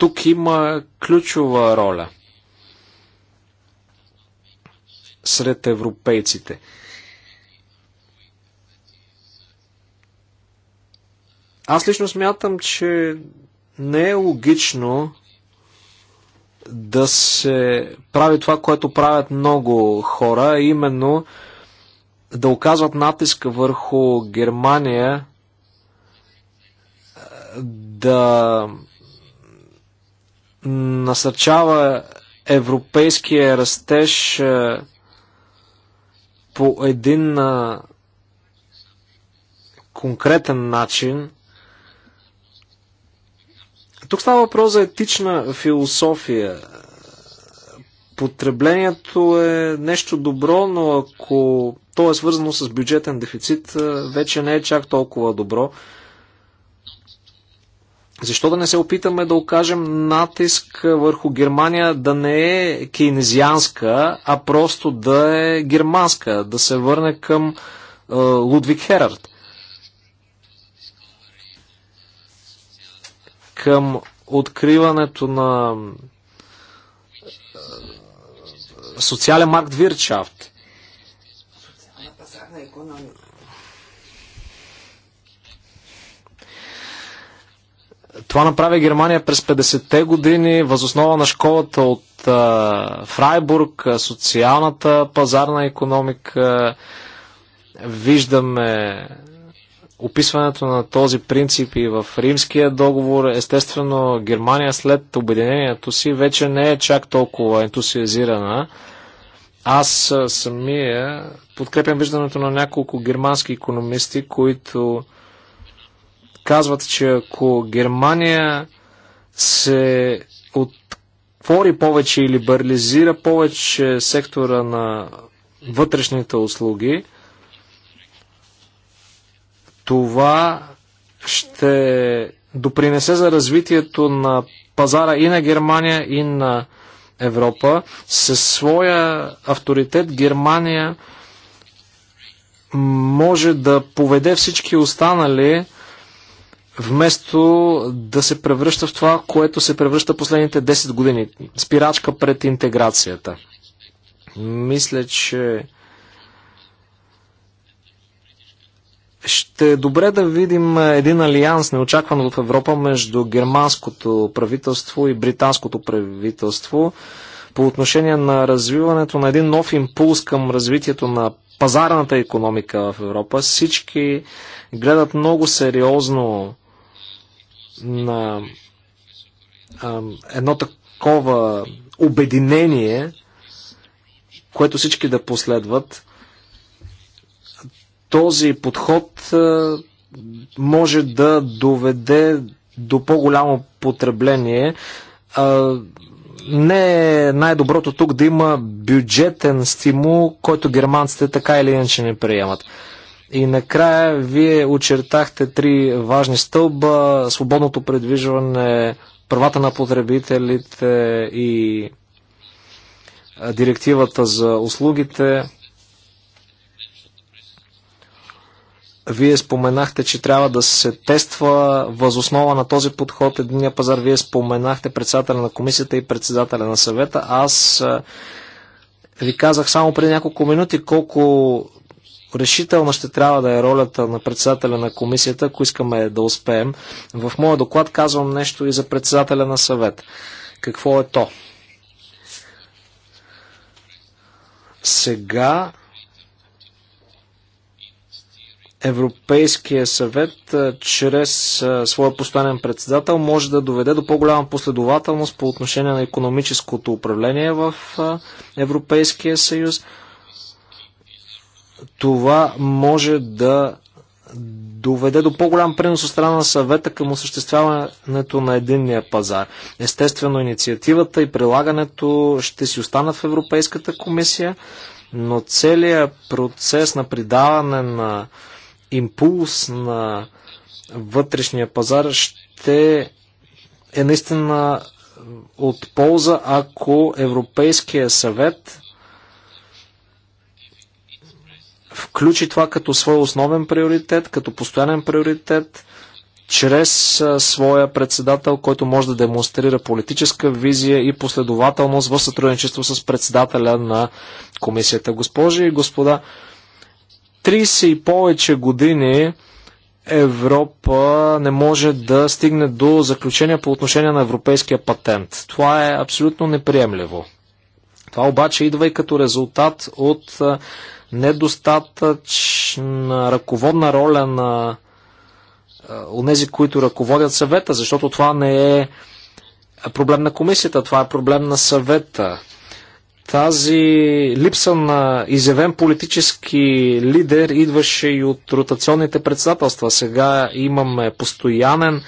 тук има ключова роля сред европейците. Аз лично смятам, че не е логично да се прави това, което правят много хора, именно да оказват натиска върху Германия да насърчава европейския растеж е, по един е, конкретен начин. Тук става въпрос за етична философия. Потреблението е нещо добро, но ако то е свързано с бюджетен дефицит, е, вече не е чак толкова добро. Защо да не се опитаме да окажем натиск върху Германия да не е кейнезианска, а просто да е германска, да се върне към е, Лудвиг Херард? Към откриването на е, социален маркт Вирчафт. Това направи Германия през 50-те години, възоснова на школата от Фрайбург, социалната пазарна економика. Виждаме описването на този принцип и в Римския договор. Естествено, Германия след обединението си вече не е чак толкова ентусиазирана. Аз самия подкрепям виждането на няколко германски економисти, които казват, че ако Германия се отвори повече и либерализира повече сектора на вътрешните услуги, това ще допринесе за развитието на пазара и на Германия, и на Европа. Със своя авторитет Германия може да поведе всички останали вместо да се превръща в това, което се превръща последните 10 години. Спирачка пред интеграцията. Мисля, че ще е добре да видим един алианс неочакван в Европа между германското правителство и британското правителство по отношение на развиването на един нов импулс към развитието на пазарната економика в Европа. Всички гледат много сериозно на а, едно такова обединение, което всички да последват, този подход а, може да доведе до по-голямо потребление. А, не е най-доброто тук да има бюджетен стимул, който германците така или иначе не приемат. И накрая вие очертахте три важни стълба свободното предвижване, правата на потребителите и директивата за услугите. Вие споменахте, че трябва да се тества възоснова на този подход единия пазар. Вие споменахте председателя на комисията и председателя на съвета. Аз ви казах само преди няколко минути колко решителна ще трябва да е ролята на председателя на комисията, ако искаме да успеем. В моя доклад казвам нещо и за председателя на съвет. Какво е то? Сега Европейския съвет чрез своя постоянен председател може да доведе до по-голяма последователност по отношение на економическото управление в Европейския съюз това може да доведе до по-голям принос от страна на съвета към осъществяването на единния пазар. Естествено, инициативата и прилагането ще си останат в Европейската комисия, но целият процес на придаване на импулс на вътрешния пазар ще е наистина от полза, ако Европейския съвет включи това като свой основен приоритет, като постоянен приоритет, чрез а, своя председател, който може да демонстрира политическа визия и последователност в сътрудничество с председателя на комисията. Госпожи и господа, 30 и повече години Европа не може да стигне до заключение по отношение на европейския патент. Това е абсолютно неприемливо. Това обаче идва и като резултат от недостатъчна ръководна роля на онези, които ръководят съвета, защото това не е проблем на комисията, това е проблем на съвета. Тази липса на изявен политически лидер идваше и от ротационните председателства. Сега имаме постоянен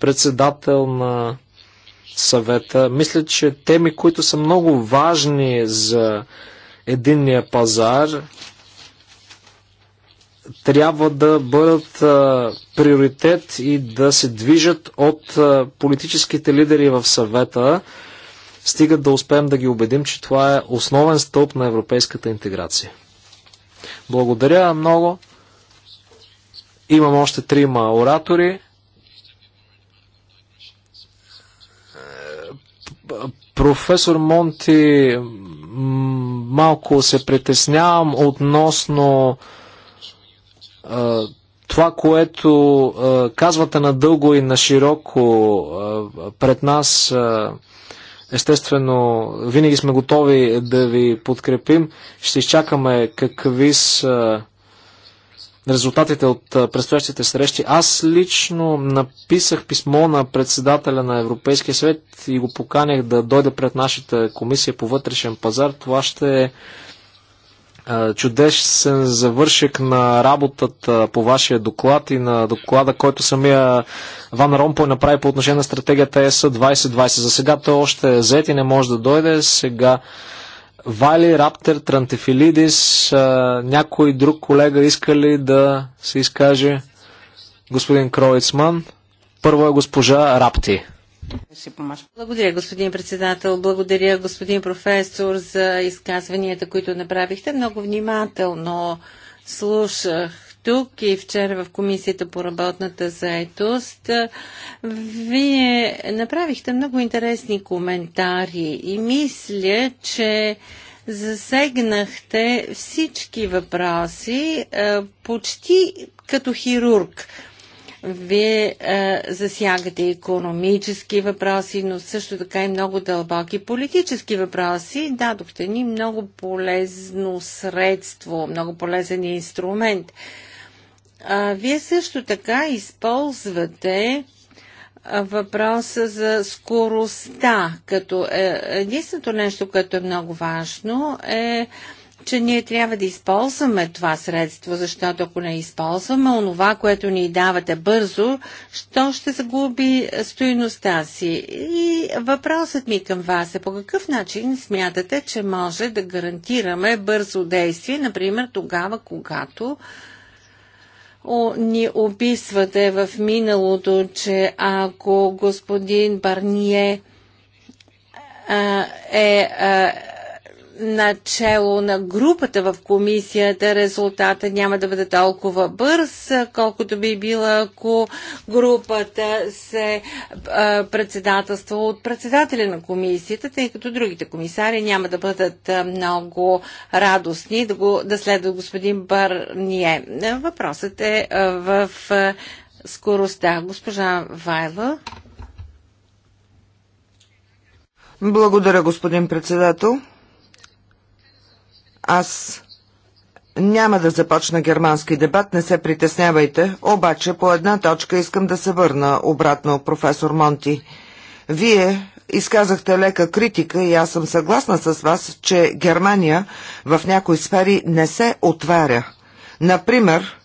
председател на съвета. Мисля, че теми, които са много важни за единния пазар трябва да бъдат а, приоритет и да се движат от а, политическите лидери в съвета, стигат да успеем да ги убедим, че това е основен стълб на европейската интеграция. Благодаря много. Имам още трима оратори. Професор Монти, малко се притеснявам относно а, това, което а, казвате надълго и на широко а, пред нас. А, естествено, винаги сме готови да ви подкрепим. Ще изчакаме какви са резултатите от предстоящите срещи. Аз лично написах писмо на председателя на Европейския съвет и го поканях да дойде пред нашата комисия по вътрешен пазар. Това ще е чудесен завършек на работата по вашия доклад и на доклада, който самия Ван Ромпой направи по отношение на стратегията ЕС 2020. За сега той още е зет и не може да дойде. Сега Вали, Раптер, Трантефилидис, някой друг колега иска ли да се изкаже? Господин Кроицман. Първо е госпожа Рапти. Благодаря, господин председател. Благодаря, господин професор, за изказванията, които направихте. Много внимателно слушах тук и вчера в Комисията по работната заетост. Вие направихте много интересни коментари и мисля, че засегнахте всички въпроси е, почти като хирург. Вие е, засягате економически въпроси, но също така и много дълбоки политически въпроси. Дадохте ни много полезно средство, много полезен инструмент. А, вие също така използвате въпроса за скоростта. Като е, единственото нещо, което е много важно е че ние трябва да използваме това средство, защото ако не използваме онова, което ни давате бързо, то ще загуби стоиността си. И въпросът ми към вас е по какъв начин смятате, че може да гарантираме бързо действие, например тогава, когато ни описвате в миналото, че ако господин Барние е, е начало на групата в комисията, резултата няма да бъде толкова бърз, колкото би била, ако групата се а, председателства от председателя на комисията, тъй като другите комисари няма да бъдат много радостни да, го, да следва господин Барние. Въпросът е в скоростта. Госпожа Вайла. Благодаря, господин председател. Аз няма да започна германски дебат, не се притеснявайте, обаче по една точка искам да се върна обратно, професор Монти. Вие изказахте лека критика и аз съм съгласна с вас, че Германия в някои сфери не се отваря. Например,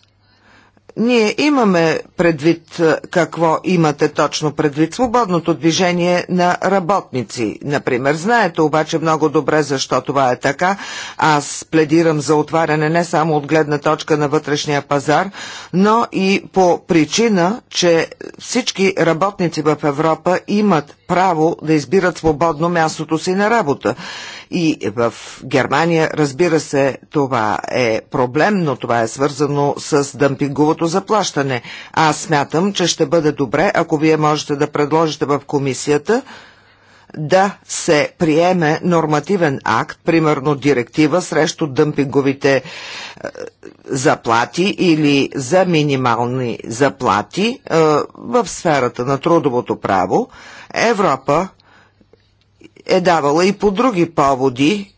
ние имаме предвид е, какво имате точно предвид. Свободното движение на работници, например. Знаете обаче много добре защо това е така. Аз пледирам за отваряне не само от гледна точка на вътрешния пазар, но и по причина, че всички работници в Европа имат право да избират свободно мястото си на работа. И в Германия, разбира се, това е проблем, но това е свързано с дъмпинговото правото заплащане. Аз смятам, че ще бъде добре, ако вие можете да предложите в комисията да се приеме нормативен акт, примерно директива срещу дъмпинговите е, заплати или за минимални заплати е, в сферата на трудовото право. Европа е давала и по други поводи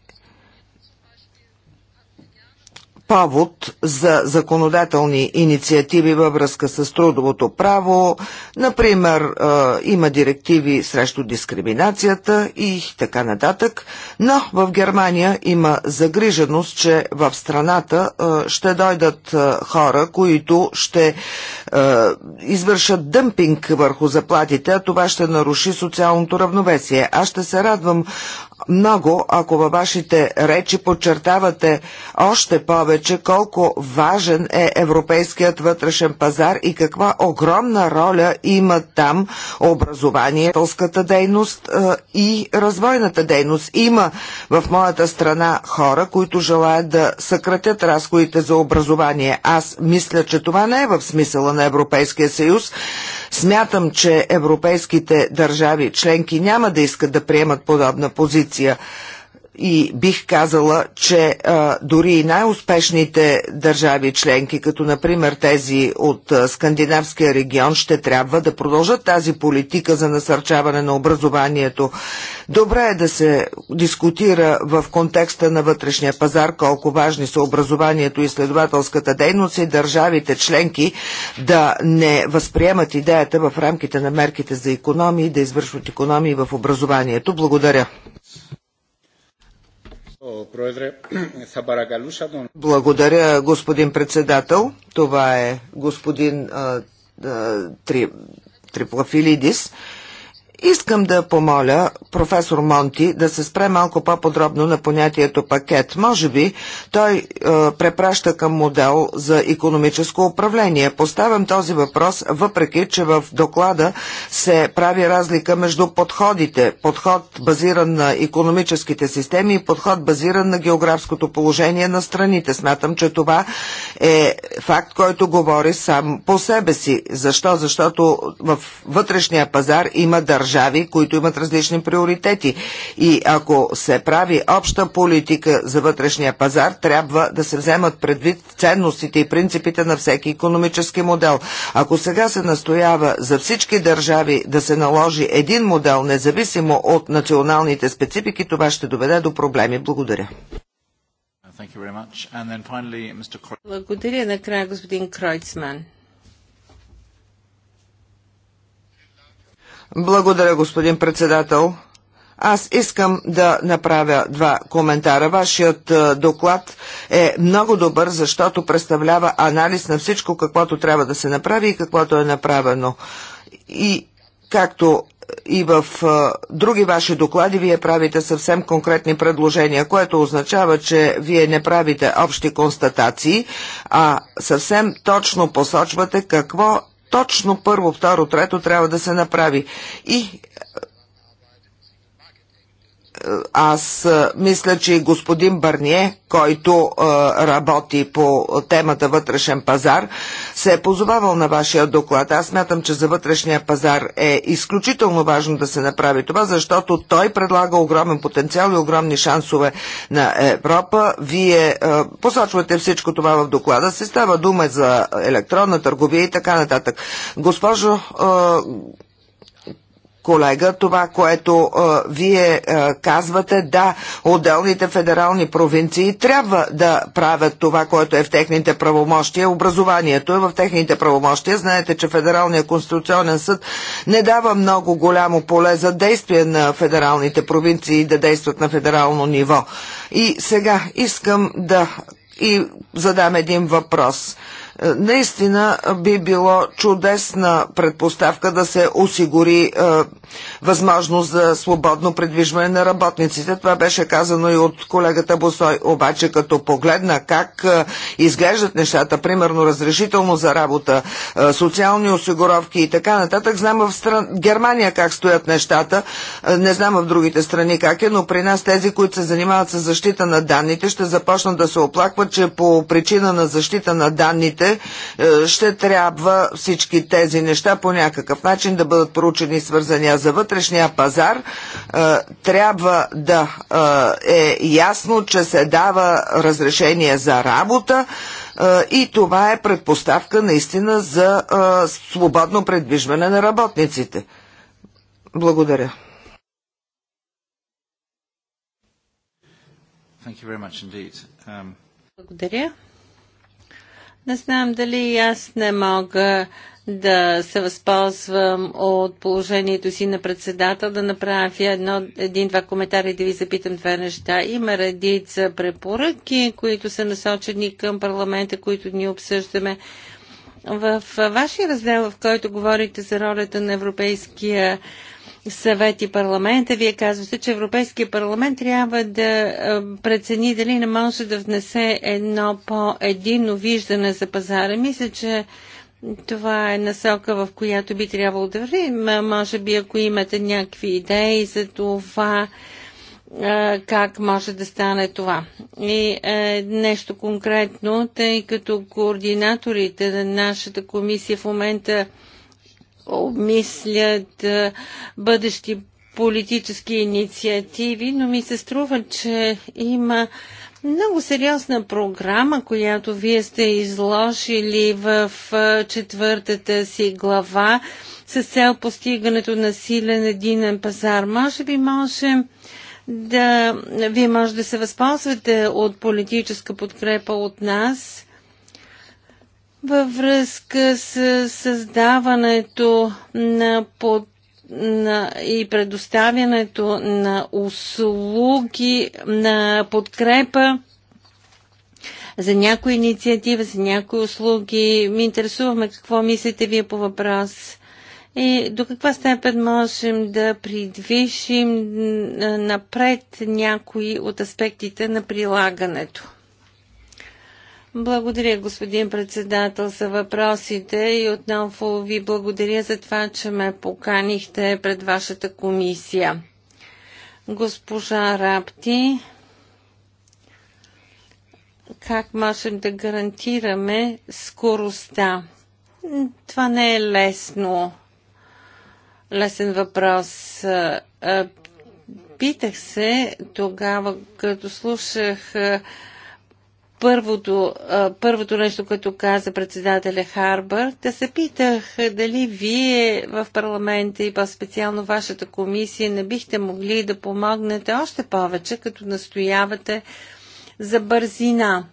повод за законодателни инициативи във връзка с трудовото право. Например, е, има директиви срещу дискриминацията и така нататък. Но в Германия има загриженост, че в страната е, ще дойдат е, хора, които ще е, извършат дъмпинг върху заплатите, а това ще наруши социалното равновесие. Аз ще се радвам, много, ако във вашите речи подчертавате още повече колко важен е европейският вътрешен пазар и каква огромна роля има там образование, тълската дейност е, и развойната дейност. Има в моята страна хора, които желаят да съкратят разходите за образование. Аз мисля, че това не е в смисъла на Европейския съюз. Смятам, че европейските държави членки няма да искат да приемат подобна позиция позиция и бих казала, че а, дори и най-успешните държави членки, като например тези от а, Скандинавския регион, ще трябва да продължат тази политика за насърчаване на образованието. Добре е да се дискутира в контекста на вътрешния пазар колко важни са образованието и следователската дейност и държавите членки да не възприемат идеята в рамките на мерките за економии, да извършват економии в образованието. Благодаря. Благодаря, господин председател. Това е господин а, а, Три, Триплафилидис. Искам да помоля професор Монти да се спре малко по-подробно на понятието пакет. Може би той е, препраща към модел за економическо управление. Поставям този въпрос, въпреки че в доклада се прави разлика между подходите. Подход базиран на економическите системи и подход базиран на географското положение на страните. Смятам, че това е факт, който говори сам по себе си. Защо? Защото в вътрешния пазар има държава държави, които имат различни приоритети. И ако се прави обща политика за вътрешния пазар, трябва да се вземат предвид ценностите и принципите на всеки економически модел. Ако сега се настоява за всички държави да се наложи един модел, независимо от националните специфики, това ще доведе до проблеми. Благодаря. Благодаря накрая, господин Кройцман. Благодаря, господин председател. Аз искам да направя два коментара. Вашият е, доклад е много добър, защото представлява анализ на всичко, каквото трябва да се направи и каквото е направено. И както и в е, други ваши доклади вие правите съвсем конкретни предложения, което означава, че вие не правите общи констатации, а съвсем точно посочвате какво точно първо, второ, трето трябва да се направи. И е, аз е, мисля, че господин Барние, който е, работи по темата вътрешен пазар, се е позовавал на вашия доклад. Аз смятам, че за вътрешния пазар е изключително важно да се направи това, защото той предлага огромен потенциал и огромни шансове на Европа. Вие е, посочвате всичко това в доклада. Се става дума за електронна търговия и така нататък. Госпожо е, колега, това, което а, вие а, казвате, да, отделните федерални провинции трябва да правят това, което е в техните правомощия. Образованието е в техните правомощия. Знаете, че Федералният конституционен съд не дава много голямо поле за действие на федералните провинции да действат на федерално ниво. И сега искам да и задам един въпрос наистина би било чудесна предпоставка да се осигури е, възможност за свободно предвижване на работниците. Това беше казано и от колегата Босой. Обаче като погледна как е, изглеждат нещата, примерно разрешително за работа, е, социални осигуровки и така нататък, знам в стран... Германия как стоят нещата, не знам в другите страни как е, но при нас тези, които се занимават с защита на данните, ще започнат да се оплакват, че по причина на защита на данните е, ще трябва всички тези неща по някакъв начин да бъдат проучени свързания за вътрешния пазар. Е, трябва да е, е ясно, че се дава разрешение за работа и това е предпоставка наистина за свободно предвижване на работниците. Благодаря. Um, Благодаря. Не знам дали аз не мога да се възползвам от положението си на председател, да направя едно, един-два коментари да ви запитам две неща. Има редица препоръки, които са насочени към парламента, които ни обсъждаме. В вашия раздел, в който говорите за ролята на Европейския съвет и парламента. Вие казвате, че Европейския парламент трябва да прецени дали не може да внесе едно по-едино виждане за пазара. Мисля, че това е насока, в която би трябвало да вървим. Може би, ако имате някакви идеи за това, как може да стане това. И е, нещо конкретно, тъй като координаторите на нашата комисия в момента обмислят бъдещи политически инициативи, но ми се струва, че има много сериозна програма, която вие сте изложили в четвъртата си глава с цел постигането на силен единен пазар. Може би можем да, вие може да се възползвате от политическа подкрепа от нас във връзка с създаването на под на, и предоставянето на услуги, на подкрепа за някои инициатива, за някои услуги. Ми интересуваме какво мислите вие по въпрос и до каква степен можем да придвижим напред някои от аспектите на прилагането. Благодаря, господин председател, за въпросите и отново ви благодаря за това, че ме поканихте пред вашата комисия. Госпожа Рапти, как можем да гарантираме скоростта? Това не е лесно. Лесен въпрос. Питах се тогава, като слушах първото, първото нещо, което каза председателя Харбър, да се питах дали вие в парламента и по-специално вашата комисия не бихте могли да помогнете още повече, като настоявате за бързина.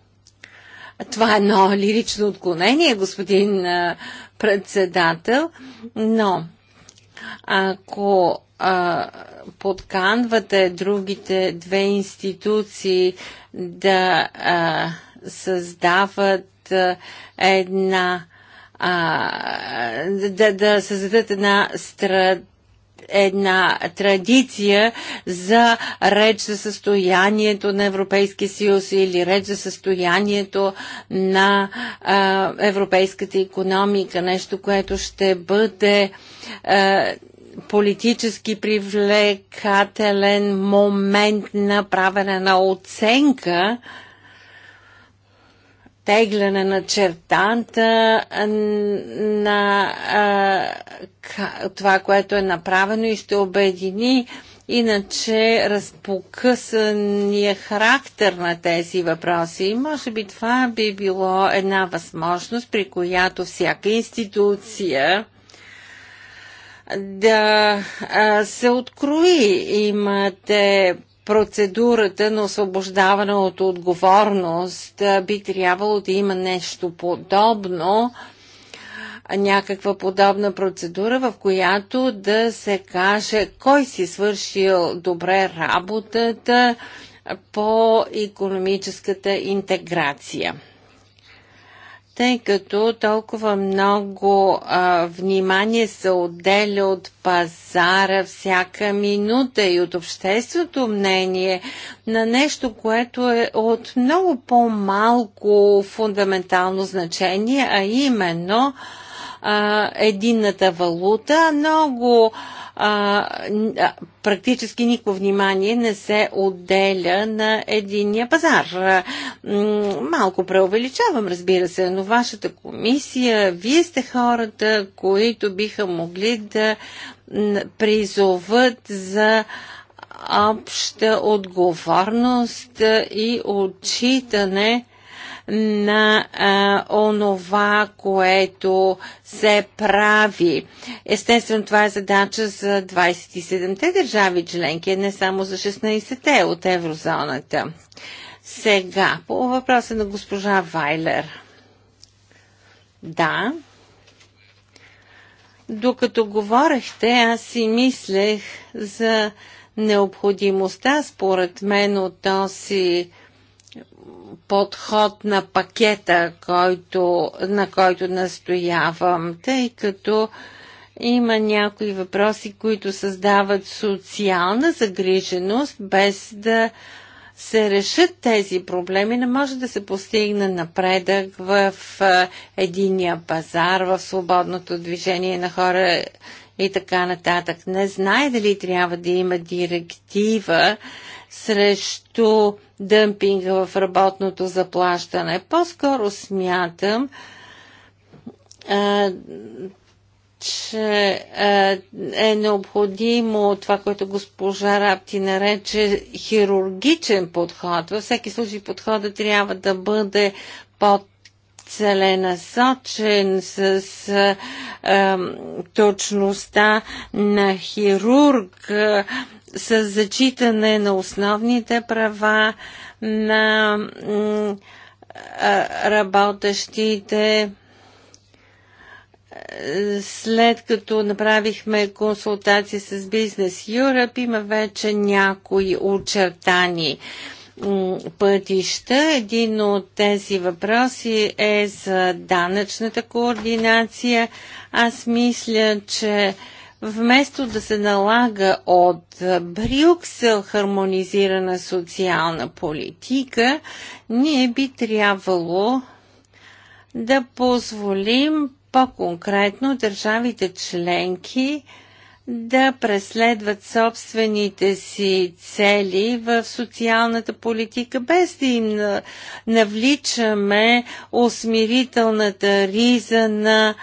Това е едно лирично отклонение, господин председател, но ако а, подканвате другите две институции да а, създават а, една а, да, да създадат една стратегия една традиция за реч за състоянието на Европейския съюз или реч за състоянието на а, европейската економика. Нещо, което ще бъде а, политически привлекателен момент на правене на оценка, тегляне на чертанта на а, това, което е направено и ще обедини иначе разпокъсания характер на тези въпроси. Може би това би било една възможност, при която всяка институция да се открои. Имате процедурата на освобождаване от отговорност. Би трябвало да има нещо подобно някаква подобна процедура, в която да се каже кой си свършил добре работата по економическата интеграция тъй като толкова много а, внимание се отделя от пазара всяка минута и от общественото мнение на нещо, което е от много по-малко фундаментално значение, а именно а, единната валута. Много а, а, практически никакво внимание не се отделя на единния пазар. Малко преувеличавам, разбира се, но вашата комисия, вие сте хората, които биха могли да призоват за обща отговорност и отчитане на а, онова, което се прави. Естествено, това е задача за 27-те държави членки, а не само за 16-те от еврозоната. Сега, по въпроса на госпожа Вайлер. Да. Докато говорехте, аз си мислех за необходимостта, според мен, от този подход на пакета, който, на който настоявам, тъй като има някои въпроси, които създават социална загриженост, без да се решат тези проблеми, не може да се постигне напредък в единия пазар, в свободното движение на хора и така нататък. Не знае дали трябва да има директива срещу дъмпинга в работното заплащане. По-скоро смятам, а, че е необходимо това, което госпожа Рапти нарече хирургичен подход. Във всеки случай подходът трябва да бъде под целенасочен с а, точността на хирург, с зачитане на основните права на работещите след като направихме консултации с Business Europe, има вече някои очертани пътища. Един от тези въпроси е за данъчната координация. Аз мисля, че вместо да се налага от Брюксел хармонизирана социална политика, ние би трябвало да позволим по-конкретно държавите членки да преследват собствените си цели в социалната политика, без да им навличаме усмирителната риза на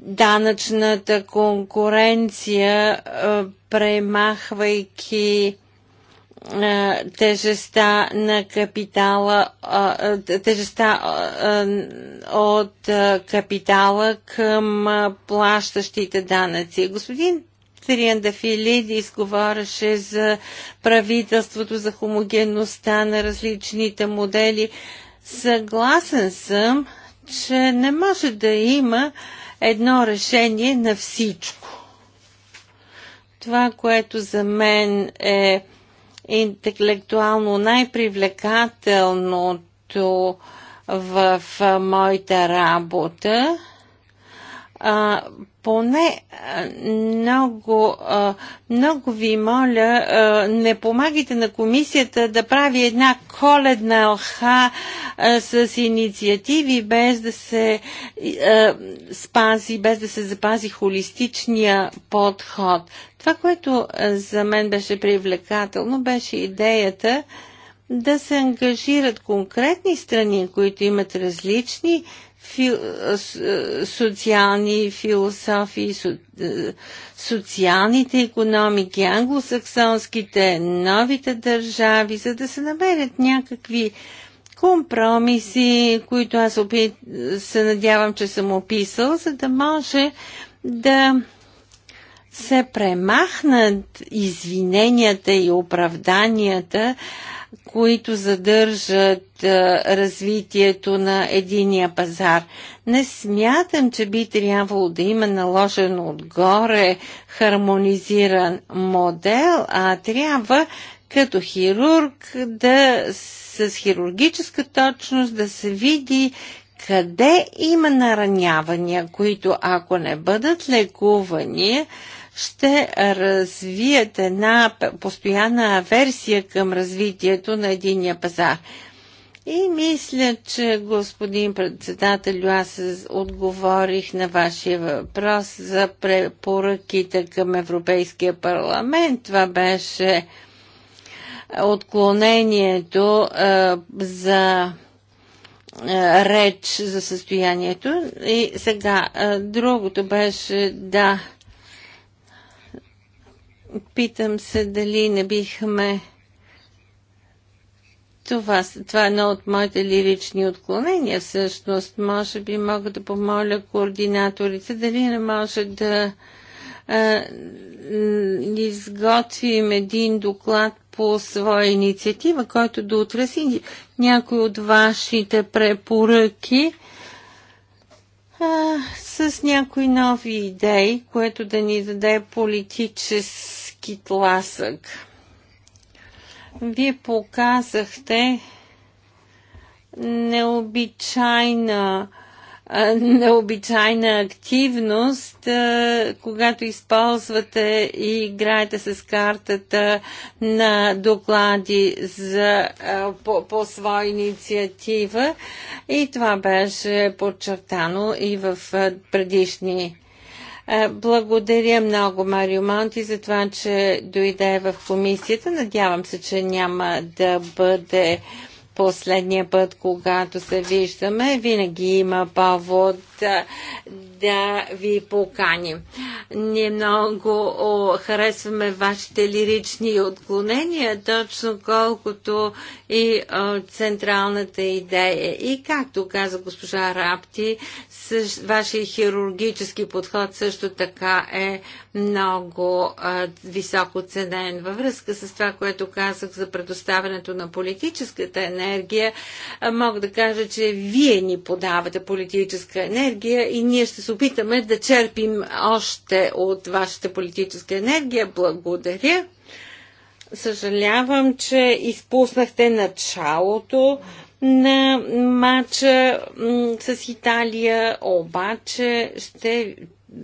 данъчната конкуренция, премахвайки тежеста на капитала, тежеста от капитала към плащащите данъци. Господин Триандафилидис изговаряше за правителството, за хомогенността на различните модели. Съгласен съм, че не може да има едно решение на всичко. Това, което за мен е интелектуално най-привлекателното в моята работа, поне е, много, е, много ви моля, е, не помагайте на комисията да прави една коледна лха с инициативи, без да се спази, без да се запази холистичния подход. Това, което за мен беше привлекателно, беше идеята да се ангажират конкретни страни, които имат различни фил, социални философии, со, социалните економики, англосаксонските, новите държави, за да се намерят някакви компромиси, които аз опи... се надявам, че съм описал, за да може да се премахнат извиненията и оправданията, които задържат а, развитието на единия пазар. Не смятам, че би трябвало да има наложен отгоре хармонизиран модел, а трябва като хирург да с хирургическа точност да се види къде има наранявания, които ако не бъдат лекувани, ще развият една постоянна аверсия към развитието на единия пазар. И мисля, че господин председател, аз отговорих на вашия въпрос за препоръките към Европейския парламент. Това беше отклонението а, за а, реч за състоянието. И сега а, другото беше да Питам се дали не бихме. Това, това е едно от моите лирични отклонения. Всъщност, може би мога да помоля координаторите дали не може да а, изготвим един доклад по своя инициатива, който да отрази някои от вашите препоръки а, с някои нови идеи, което да ни даде политически всеки тласък. Вие показахте необичайна необичайна активност, когато използвате и играете с картата на доклади за, по, по своя инициатива. И това беше подчертано и в предишни е, благодаря много, Марио Монти, за това, че дойде в комисията. Надявам се, че няма да бъде последния път, когато се виждаме. Винаги има повод е, да ви поканим. Ние много харесваме вашите лирични отклонения, точно колкото и централната идея. И както каза госпожа Рапти, вашия хирургически подход също така е много високо ценен. Във връзка с това, което казах за предоставянето на политическата енергия, мога да кажа, че вие ни подавате политическа енергия и ние ще се се опитаме да черпим още от вашата политическа енергия. Благодаря. Съжалявам, че изпуснахте началото на матча с Италия, обаче ще,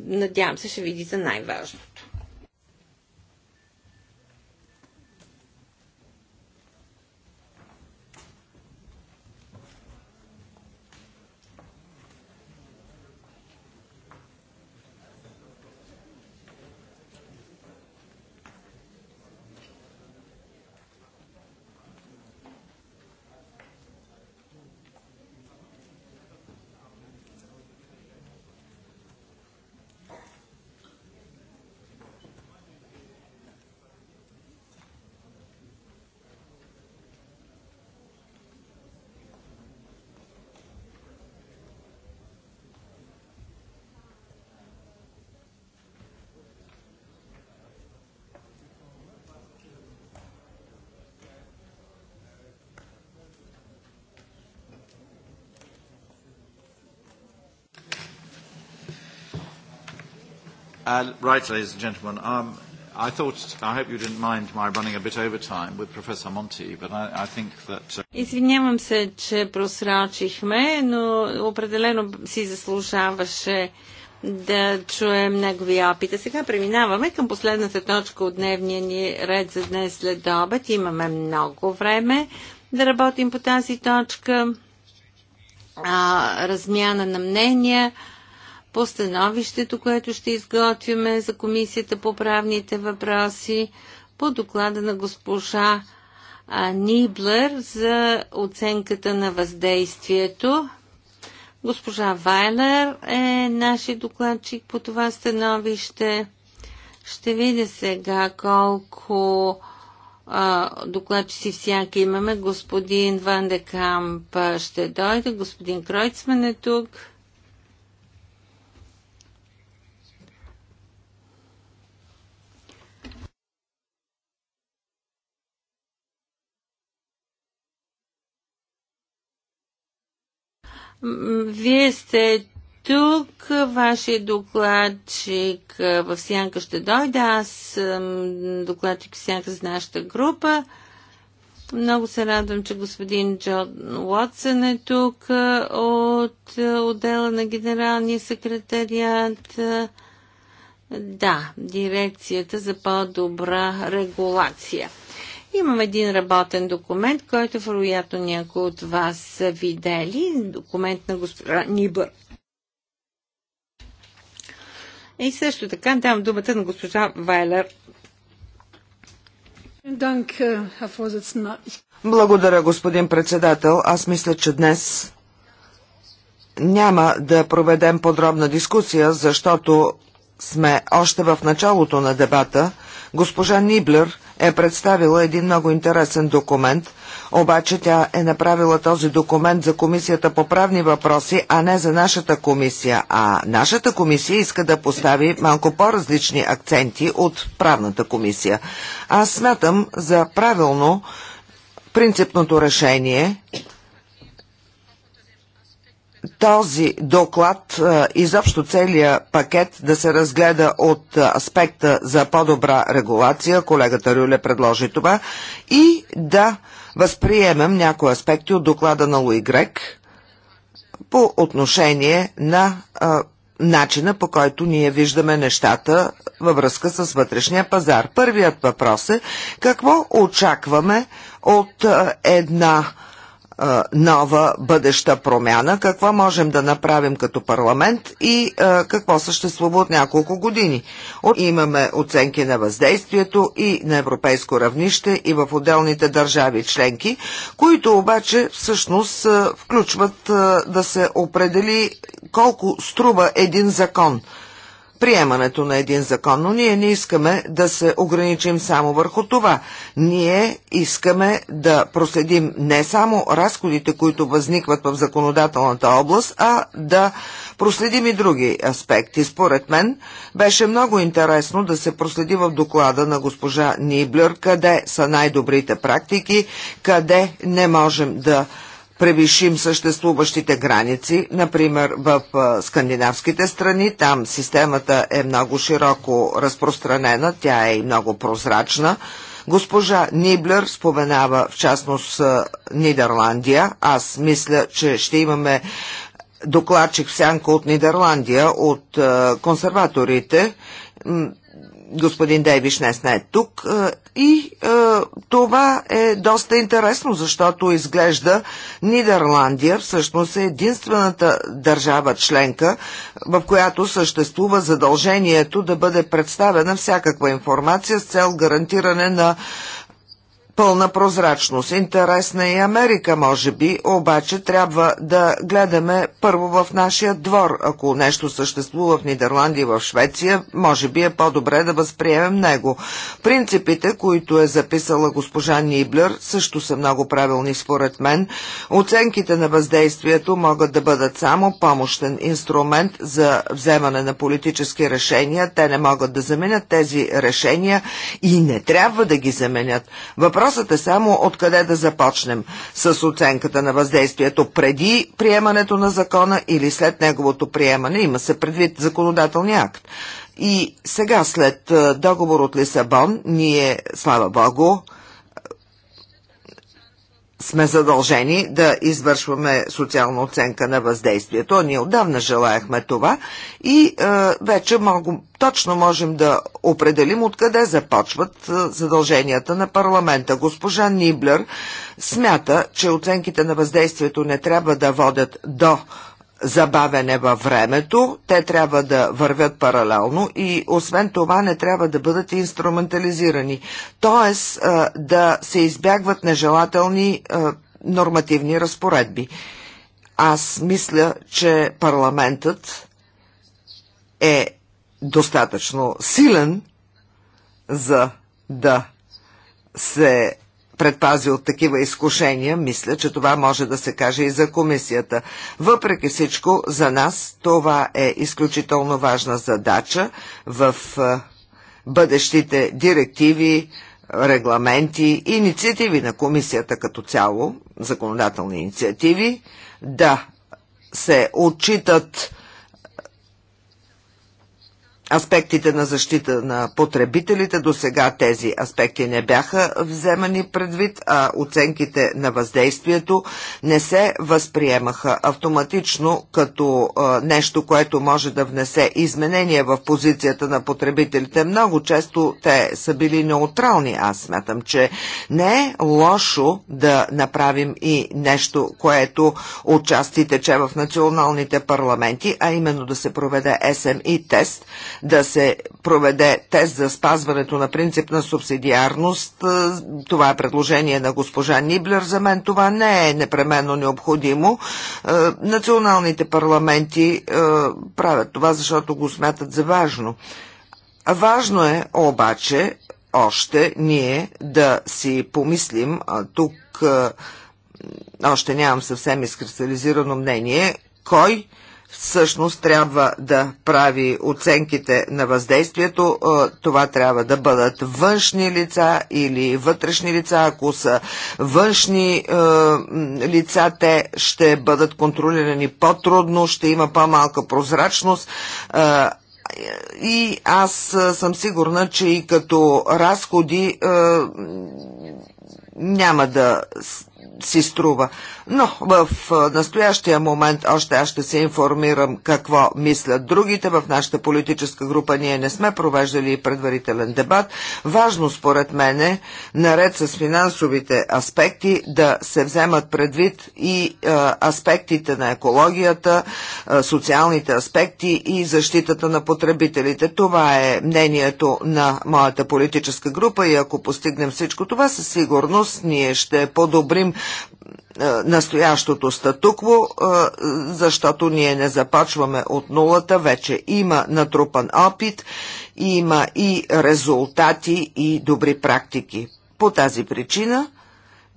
надявам се, ще видите най-важното. Uh, right, ladies and gentlemen, um, I thought, I hope you didn't mind my running a bit over time with Professor Monti, but I, I think that... Uh... Извинявам се, че просрачихме, но определено си заслужаваше да чуем неговия опит. А сега преминаваме към последната точка от дневния ни ред за днес след обед. Имаме много време да работим по тази точка. А, размяна на мнения по становището, което ще изготвяме за Комисията по правните въпроси по доклада на госпожа Ниблер за оценката на въздействието. Госпожа Вайлер е нашия докладчик по това становище. Ще видя сега колко а, докладчици всяка имаме. Господин Ван Декамп ще дойде, господин Кройцман е тук. Вие сте тук, вашия докладчик в Сянка ще дойде. Аз съм докладчик в Сянка за нашата група. Много се радвам, че господин Джон Уотсън е тук от отдела на генералния секретариат. Да, дирекцията за по-добра регулация. Имам един работен документ, който вероятно някои от вас са видели. Документ на госпожа Нибър. И също така давам думата на госпожа Вайлер. Е, Благодаря, господин председател. Аз мисля, че днес няма да проведем подробна дискусия, защото сме още в началото на дебата. Госпожа Ниблер е представила един много интересен документ, обаче тя е направила този документ за Комисията по правни въпроси, а не за нашата комисия. А нашата комисия иска да постави малко по-различни акценти от правната комисия. Аз смятам за правилно принципното решение – този доклад, изобщо целият пакет да се разгледа от аспекта за по-добра регулация, колегата Рюле предложи това, и да възприемем някои аспекти от доклада на Луи Грек по отношение на а, начина по който ние виждаме нещата във връзка с вътрешния пазар. Първият въпрос е какво очакваме от а, една нова бъдеща промяна, какво можем да направим като парламент и а, какво съществува от няколко години. Имаме оценки на въздействието и на европейско равнище и в отделните държави членки, които обаче всъщност включват а, да се определи колко струва един закон – приемането на един закон, но ние не искаме да се ограничим само върху това. Ние искаме да проследим не само разходите, които възникват в законодателната област, а да проследим и други аспекти. Според мен беше много интересно да се проследи в доклада на госпожа Ниблер къде са най-добрите практики, къде не можем да превишим съществуващите граници, например в скандинавските страни, там системата е много широко разпространена, тя е и много прозрачна. Госпожа Ниблер споменава в частност Нидерландия. Аз мисля, че ще имаме докладчик в сянка от Нидерландия, от консерваторите господин Дейвиш днес не е тук. И е, това е доста интересно, защото изглежда Нидерландия всъщност е единствената държава членка, в която съществува задължението да бъде представена всякаква информация с цел гарантиране на пълна прозрачност. Интересна на е и Америка, може би, обаче трябва да гледаме първо в нашия двор. Ако нещо съществува в Нидерландия и в Швеция, може би е по-добре да възприемем него. Принципите, които е записала госпожа Ниблер, също са много правилни според мен. Оценките на въздействието могат да бъдат само помощен инструмент за вземане на политически решения. Те не могат да заменят тези решения и не трябва да ги заменят. Въпрос Въпросът е само откъде да започнем с оценката на въздействието преди приемането на закона или след неговото приемане, има се предвид законодателния акт. И сега след договор от Лисабон, ние, слава Богу, сме задължени да извършваме социална оценка на въздействието. Ние отдавна желаяхме това и е, вече много точно можем да определим откъде започват е, задълженията на парламента. Госпожа Ниблер смята, че оценките на въздействието не трябва да водят до забавене във времето, те трябва да вървят паралелно и освен това не трябва да бъдат инструментализирани, т.е. да се избягват нежелателни нормативни разпоредби. Аз мисля, че парламентът е достатъчно силен за да се предпази от такива изкушения, мисля, че това може да се каже и за комисията. Въпреки всичко, за нас това е изключително важна задача в бъдещите директиви, регламенти, инициативи на комисията като цяло, законодателни инициативи, да се отчитат аспектите на защита на потребителите. До сега тези аспекти не бяха вземани предвид, а оценките на въздействието не се възприемаха автоматично като нещо, което може да внесе изменения в позицията на потребителите. Много често те са били неутрални. Аз смятам, че не е лошо да направим и нещо, което участи тече в националните парламенти, а именно да се проведе SMI тест, да се проведе тест за спазването на принцип на субсидиарност. Е, това е предложение на госпожа Ниблер. За мен това не е непременно необходимо. Е, националните парламенти е, правят това, защото го смятат за важно. Важно е обаче още ние да си помислим, тук още нямам съвсем изкристализирано мнение, кой всъщност трябва да прави оценките на въздействието. Е, това трябва да бъдат външни лица или вътрешни лица. Ако са външни е, лица, те ще бъдат контролирани по-трудно, ще има по-малка прозрачност. Е, и аз е, съм сигурна, че и като разходи е, няма да си струва. Но в настоящия момент още аз ще се информирам какво мислят другите. В нашата политическа група ние не сме провеждали предварителен дебат. Важно според мен е, наред с финансовите аспекти, да се вземат предвид и а, аспектите на екологията, а, социалните аспекти и защитата на потребителите. Това е мнението на моята политическа група и ако постигнем всичко това, със сигурност ние ще подобрим е, настоящото статукво, е, защото ние не започваме от нулата, вече има натрупан опит, има и резултати и добри практики. По тази причина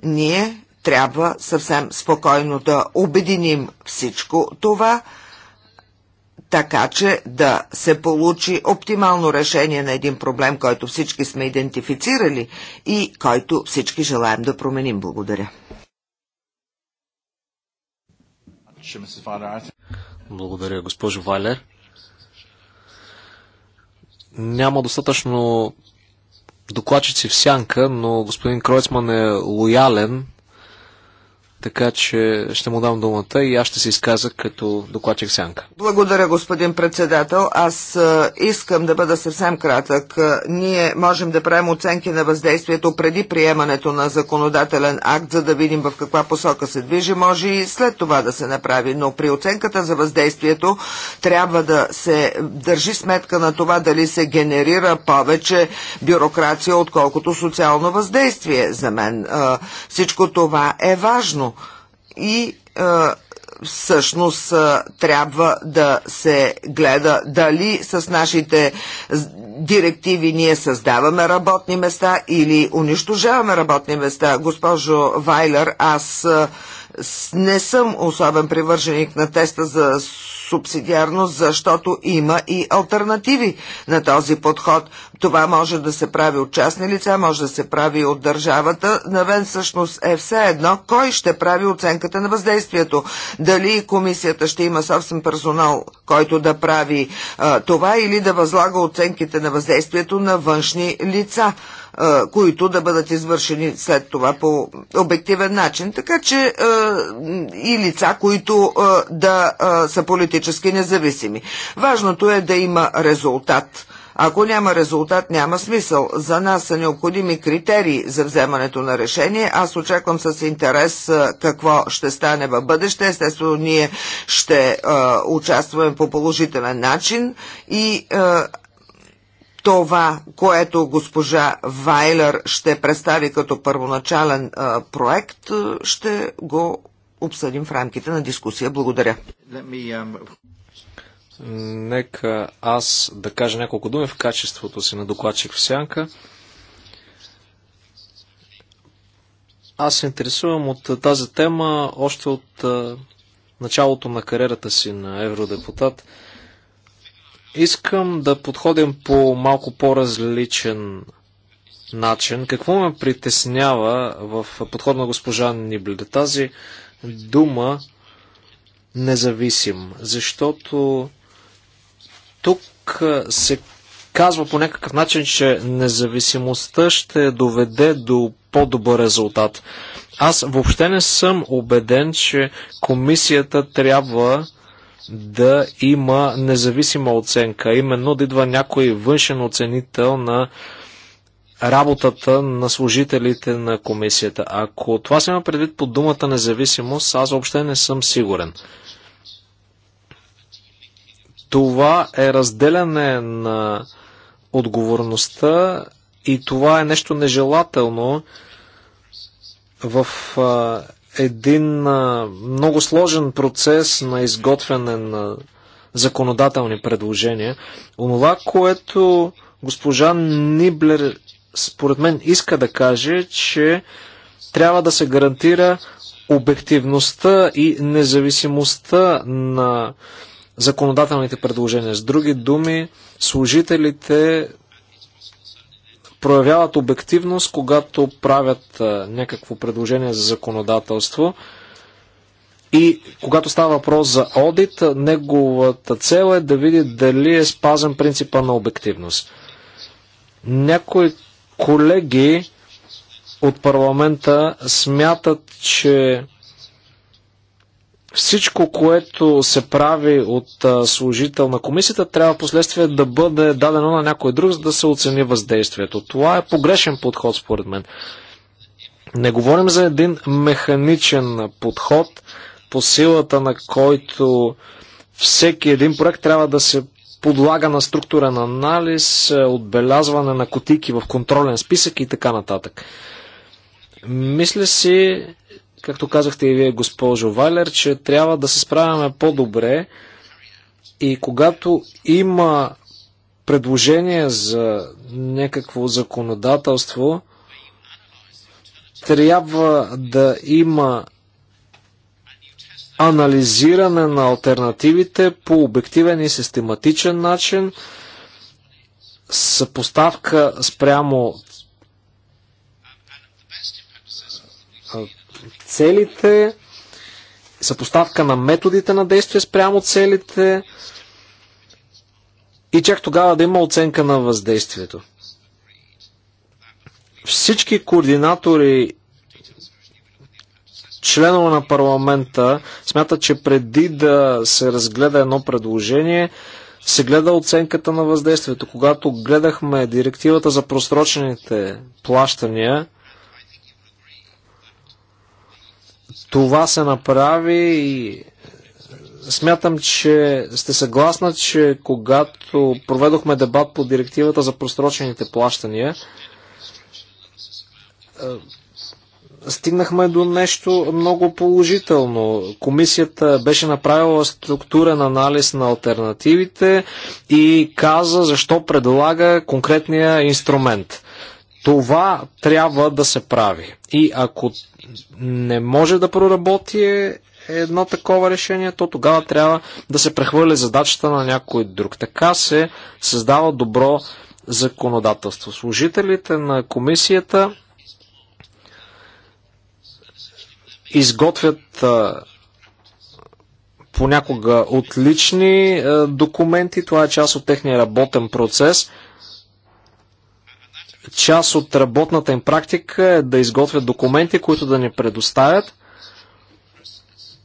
ние трябва съвсем спокойно да обединим всичко това – така че да се получи оптимално решение на един проблем, който всички сме идентифицирали и който всички желаем да променим. Благодаря. Благодаря, госпожо Вайлер. Няма достатъчно докладчици в сянка, но господин Кройцман е лоялен така че ще му дам думата и аз ще се изказа като докладчик Сянка. Благодаря, господин председател. Аз искам да бъда съвсем кратък. Ние можем да правим оценки на въздействието преди приемането на законодателен акт, за да видим в каква посока се движи. Може и след това да се направи, но при оценката за въздействието трябва да се държи сметка на това дали се генерира повече бюрокрация, отколкото социално въздействие. За мен всичко това е важно и е, всъщност е, трябва да се гледа дали с нашите директиви ние създаваме работни места или унищожаваме работни места. Госпожо Вайлер, аз е, не съм особен привърженик на теста за субсидиарност, защото има и альтернативи на този подход. Това може да се прави от частни лица, може да се прави от държавата. Навен всъщност е все едно кой ще прави оценката на въздействието. Дали комисията ще има собствен персонал, който да прави а, това или да възлага оценките на въздействието на външни лица които да бъдат извършени след това по обективен начин. Така че и лица, които да са политически независими. Важното е да има резултат. Ако няма резултат, няма смисъл. За нас са необходими критерии за вземането на решение. Аз очаквам с интерес какво ще стане в бъдеще. Естествено, ние ще е, участваме по положителен начин и е, това, което госпожа Вайлер ще представи като първоначален а, проект, ще го обсъдим в рамките на дискусия. Благодаря. Um, Нека аз да кажа няколко думи в качеството си на докладчик в Сянка. Аз се интересувам от тази тема още от началото на кариерата си на евродепутат. Искам да подходим по малко по-различен начин. Какво ме притеснява в подход на госпожа Нибле? Тази дума независим, защото тук се казва по някакъв начин, че независимостта ще доведе до по-добър резултат. Аз въобще не съм убеден, че комисията трябва да има независима оценка, именно да идва някой външен оценител на работата на служителите на комисията. Ако това се има предвид под думата независимост, аз въобще не съм сигурен. Това е разделяне на отговорността и това е нещо нежелателно в един а, много сложен процес на изготвяне на законодателни предложения. Онова, което госпожа Ниблер според мен иска да каже, че трябва да се гарантира обективността и независимостта на законодателните предложения. С други думи, служителите проявяват обективност, когато правят някакво предложение за законодателство. И когато става въпрос за одит, неговата цел е да види дали е спазен принципа на обективност. Някои колеги от парламента смятат, че всичко, което се прави от служител на комисията, трябва последствие да бъде дадено на някой друг, за да се оцени въздействието. Това е погрешен подход, според мен. Не говорим за един механичен подход, по силата на който всеки един проект трябва да се подлага на структурен анализ, е, отбелязване на котики в контролен списък и така нататък. Мисля си, както казахте и вие, госпожо Вайлер, че трябва да се справяме по-добре и когато има предложение за някакво законодателство, трябва да има анализиране на альтернативите по обективен и систематичен начин, съпоставка спрямо целите, съпоставка на методите на действие спрямо целите и чак тогава да има оценка на въздействието. Всички координатори членове на парламента смятат, че преди да се разгледа едно предложение, се гледа оценката на въздействието. Когато гледахме директивата за просрочените плащания, Това се направи и смятам, че сте съгласна, че когато проведохме дебат по директивата за просрочените плащания, е, стигнахме до нещо много положително. Комисията беше направила структурен анализ на альтернативите и каза защо предлага конкретния инструмент. Това трябва да се прави. И ако не може да проработи едно такова решение, то тогава трябва да се прехвърли задачата на някой друг. Така се създава добро законодателство. Служителите на комисията изготвят понякога отлични документи. Това е част от техния работен процес – част от работната им практика е да изготвят документи, които да ни предоставят.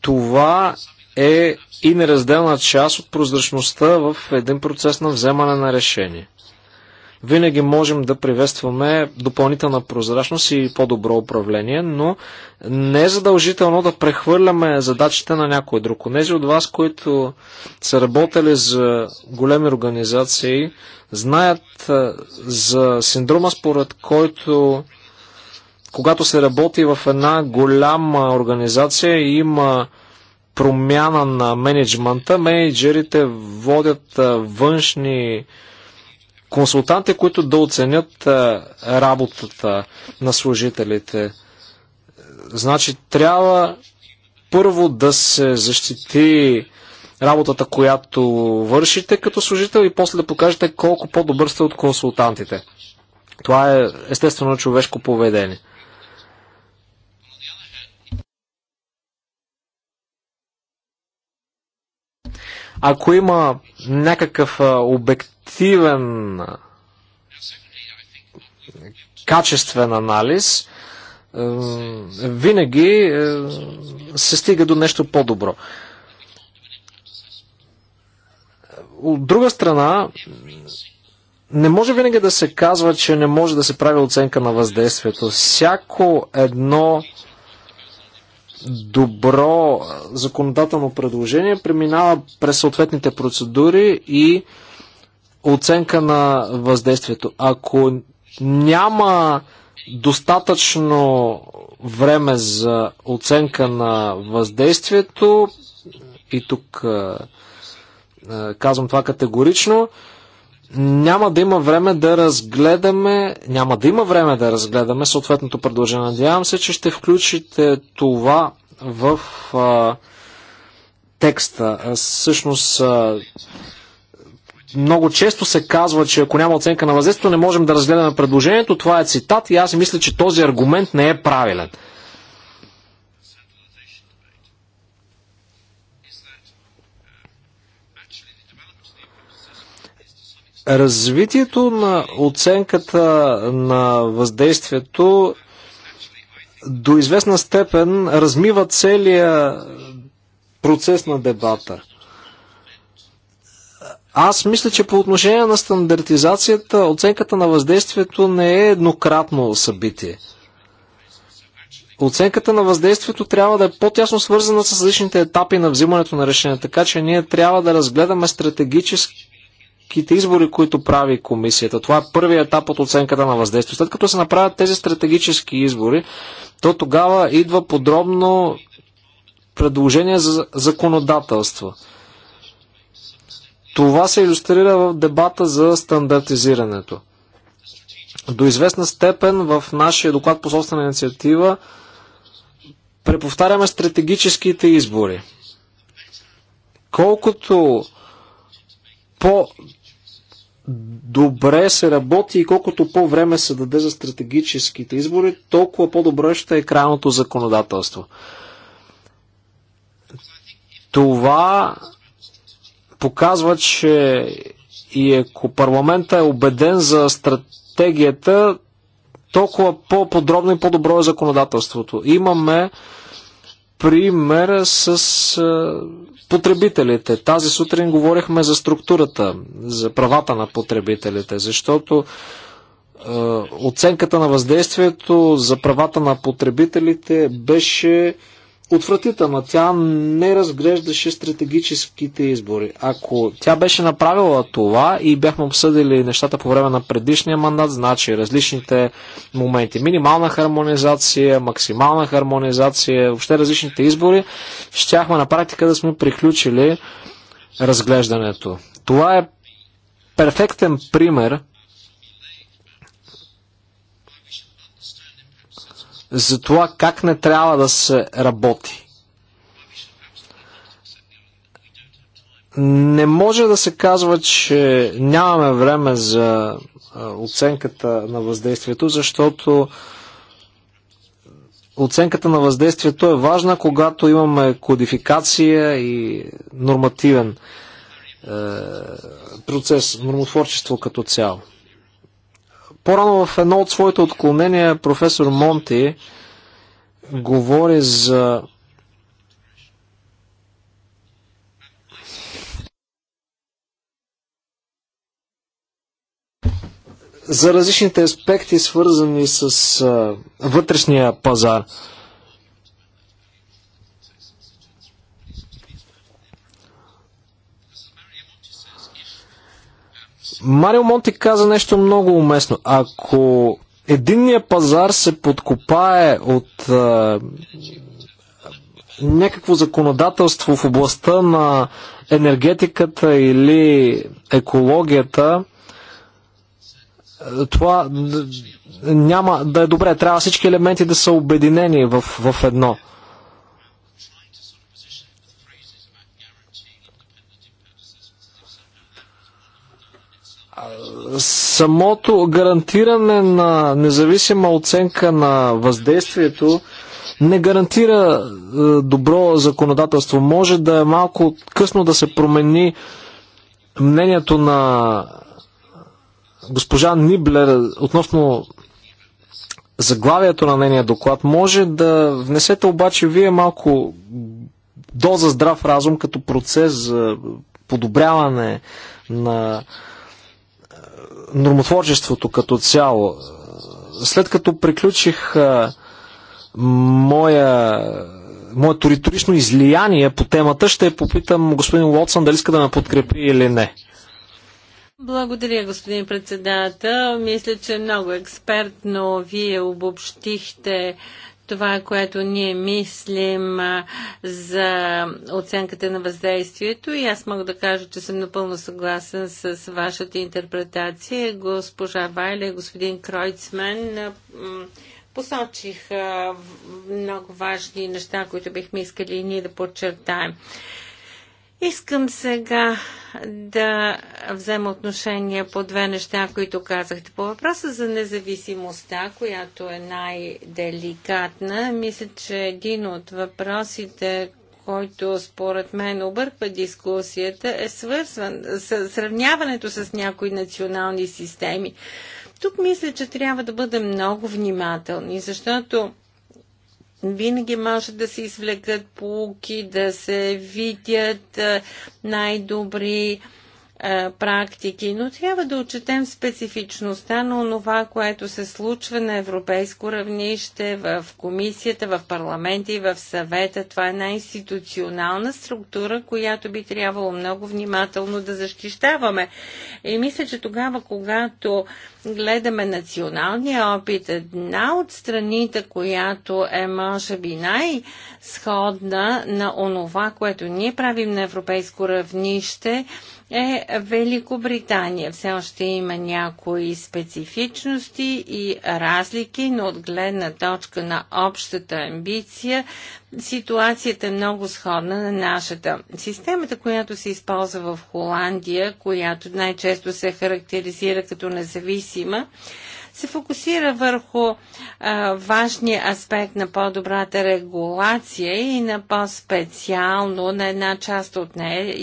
Това е и неразделна част от прозрачността в един процес на вземане на решение. Винаги можем да приветстваме допълнителна прозрачност и по-добро управление, но не е задължително да прехвърляме задачите на някой друг. Нези от вас, които са работили за големи организации, знаят за синдрома, според който когато се работи в една голяма организация и има промяна на менеджмента, менеджерите водят външни консултанти, които да оценят работата на служителите. Значи трябва първо да се защити работата, която вършите като служител и после да покажете колко по-добър сте от консултантите. Това е естествено човешко поведение. Ако има някакъв обективен качествен анализ, винаги е, се стига до нещо по-добро. От друга страна, не може винаги да се казва, че не може да се прави оценка на въздействието. Всяко едно добро законодателно предложение преминава през съответните процедури и оценка на въздействието. Ако няма достатъчно време за оценка на въздействието, и тук е, казвам това категорично. Няма да има време да разгледаме, няма да има време да разгледаме съответното предложение. Надявам се, че ще включите това в а, текста. А, всъщност, а, много често се казва, че ако няма оценка на въздействието, не можем да разгледаме предложението. Това е цитат и аз мисля, че този аргумент не е правилен. Развитието на оценката на въздействието до известна степен размива целия процес на дебата. Аз мисля, че по отношение на стандартизацията, оценката на въздействието не е еднократно събитие. Оценката на въздействието трябва да е по-тясно свързана с различните етапи на взимането на решение, така че ние трябва да разгледаме стратегически стратегическите избори, които прави комисията. Това е първият етап от оценката на въздействие. След като се направят тези стратегически избори, то тогава идва подробно предложение за законодателство. Това се иллюстрира в дебата за стандартизирането. До известна степен в нашия доклад по собствена инициатива преповтаряме стратегическите избори. Колкото по добре се работи и колкото по-време се даде за стратегическите избори, толкова по-добре ще е крайното законодателство. Това показва, че и ако парламента е убеден за стратегията, толкова по-подробно и по-добро е законодателството. Имаме пример с потребителите. Тази сутрин говорихме за структурата, за правата на потребителите, защото е, оценката на въздействието за правата на потребителите беше отвратителна. Тя не разглеждаше стратегическите избори. Ако тя беше направила това и бяхме обсъдили нещата по време на предишния мандат, значи различните моменти, минимална хармонизация, максимална хармонизация, въобще различните избори, щяхме на практика да сме приключили разглеждането. Това е перфектен пример за това как не трябва да се работи. Не може да се казва, че нямаме време за оценката на въздействието, защото оценката на въздействието е важна, когато имаме кодификация и нормативен е, процес, нормотворчество като цяло. По-рано в едно от своите отклонения професор Монти говори за за различните аспекти, свързани с а, вътрешния пазар. Марио Монти каза нещо много уместно. Ако единния пазар се подкопае от а, някакво законодателство в областта на енергетиката или екологията, това няма да е добре. Трябва всички елементи да са обединени в, в едно. самото гарантиране на независима оценка на въздействието не гарантира е, добро законодателство. Може да е малко късно да се промени мнението на госпожа Ниблер относно заглавието на нейния доклад. Може да внесете обаче вие малко доза здрав разум като процес за подобряване на нормотворчеството като цяло. След като приключих а, моя, моето риторично излияние по темата, ще попитам господин Уотсън дали иска да ме подкрепи или не. Благодаря, господин председател. Мисля, че много експертно вие обобщихте това, което ние мислим за оценката на въздействието и аз мога да кажа, че съм напълно съгласен с вашата интерпретация. Госпожа Вайле, господин Кройцмен посочих много важни неща, които бихме искали и ние да подчертаем. Искам сега да взема отношение по две неща, които казахте. По въпроса за независимостта, която е най-деликатна, мисля, че един от въпросите, който според мен обърква дискусията, е свързван с сравняването с някои национални системи. Тук мисля, че трябва да бъдем много внимателни, защото винаги може да се извлекат полуки, да се видят най-добри практики, но трябва да отчетем специфичността на това, което се случва на европейско равнище, в комисията, в парламента и в съвета. Това е една институционална структура, която би трябвало много внимателно да защищаваме. И мисля, че тогава, когато гледаме националния опит, една от страните, която е може би най-сходна на онова, което ние правим на европейско равнище, е Великобритания. Все още има някои специфичности и разлики, но от гледна точка на общата амбиция ситуацията е много сходна на нашата. Системата, която се използва в Холандия, която най-често се характеризира като независима, се фокусира върху а, важния аспект на по-добрата регулация и на по-специално на една част от нея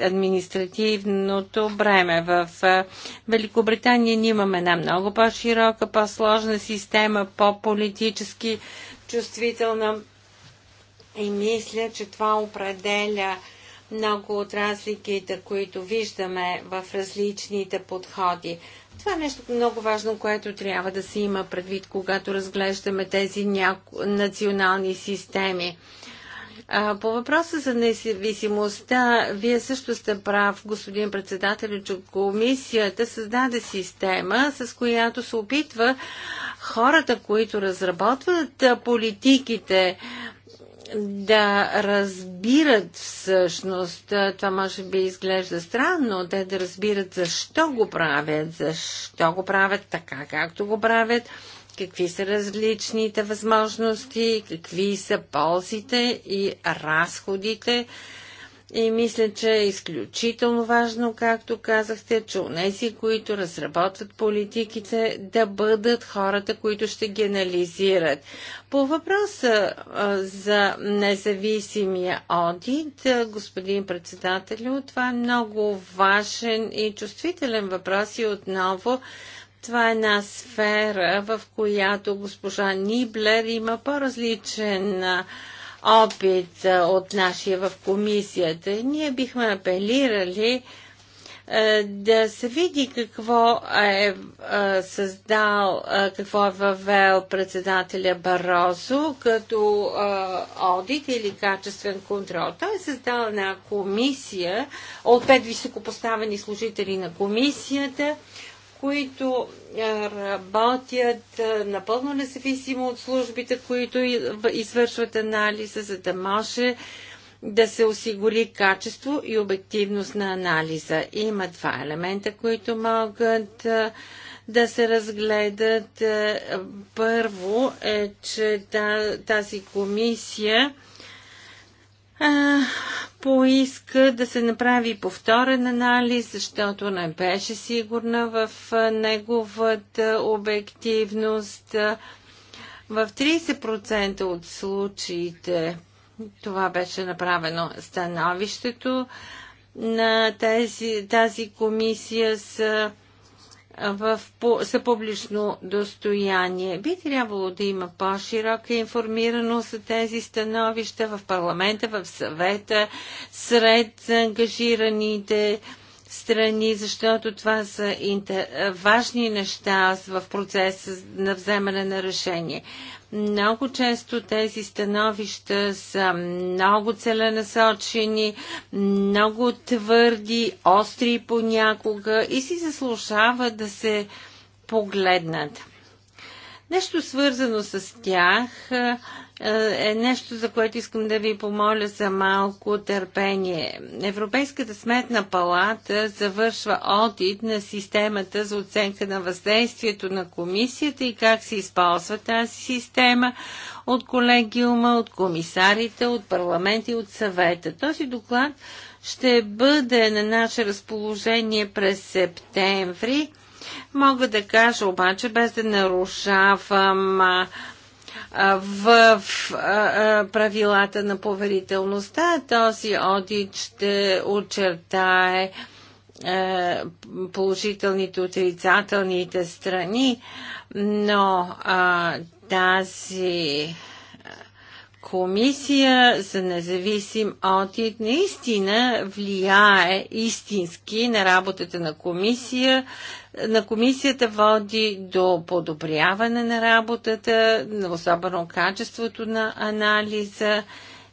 административното бреме. В а, Великобритания ние имаме една много по-широка, по-сложна система, по-политически чувствителна и мисля, че това определя много от разликите, които виждаме в различните подходи. Това е нещо много важно, което трябва да се има предвид, когато разглеждаме тези няко... национални системи. по въпроса за независимостта, вие също сте прав, господин председател, че комисията създаде система, с която се опитва хората, които разработват политиките да разбират всъщност, това може би изглежда странно, те да разбират защо го правят, защо го правят така, както го правят, какви са различните възможности, какви са ползите и разходите и мисля, че е изключително важно, както казахте, че унеси, които разработват политиките, да бъдат хората, които ще ги анализират. По въпроса за независимия одит, господин председател, това е много важен и чувствителен въпрос и отново това е една сфера, в която госпожа Ниблер има по-различен опит от нашия в комисията. Ние бихме апелирали да се види какво е създал, какво е въвел председателя Барозо като одит или качествен контрол. Той е създал една комисия от пет високопоставени служители на комисията, които работят напълно независимо от службите, които извършват анализа, за да може да се осигури качество и обективност на анализа. Има два елемента, които могат да се разгледат. Първо е, че тази комисия а, поиска да се направи повторен анализ, защото не беше сигурна в неговата обективност. В 30% от случаите това беше направено становището на тези, тази комисия с в, са публично достояние. Би трябвало да има по-широка информираност за тези становища в парламента, в съвета, сред ангажираните страни, защото това са важни неща в процеса на вземане на решение. Много често тези становища са много целенасочени, много твърди, остри понякога и си заслужава да се погледнат. Нещо свързано с тях е, е нещо, за което искам да ви помоля за малко търпение. Европейската сметна палата завършва одит на системата за оценка на въздействието на комисията и как се използва тази система от колегиума, от комисарите, от парламент и от съвета. Този доклад ще бъде на наше разположение през септември Мога да кажа обаче, без да нарушавам а, в правилата на поверителността. Този одит ще очертае е, положителните, отрицателните страни, но а, тази комисия за независим одит наистина влияе истински на работата на комисия. На комисията води до подобряване на работата, особено качеството на анализа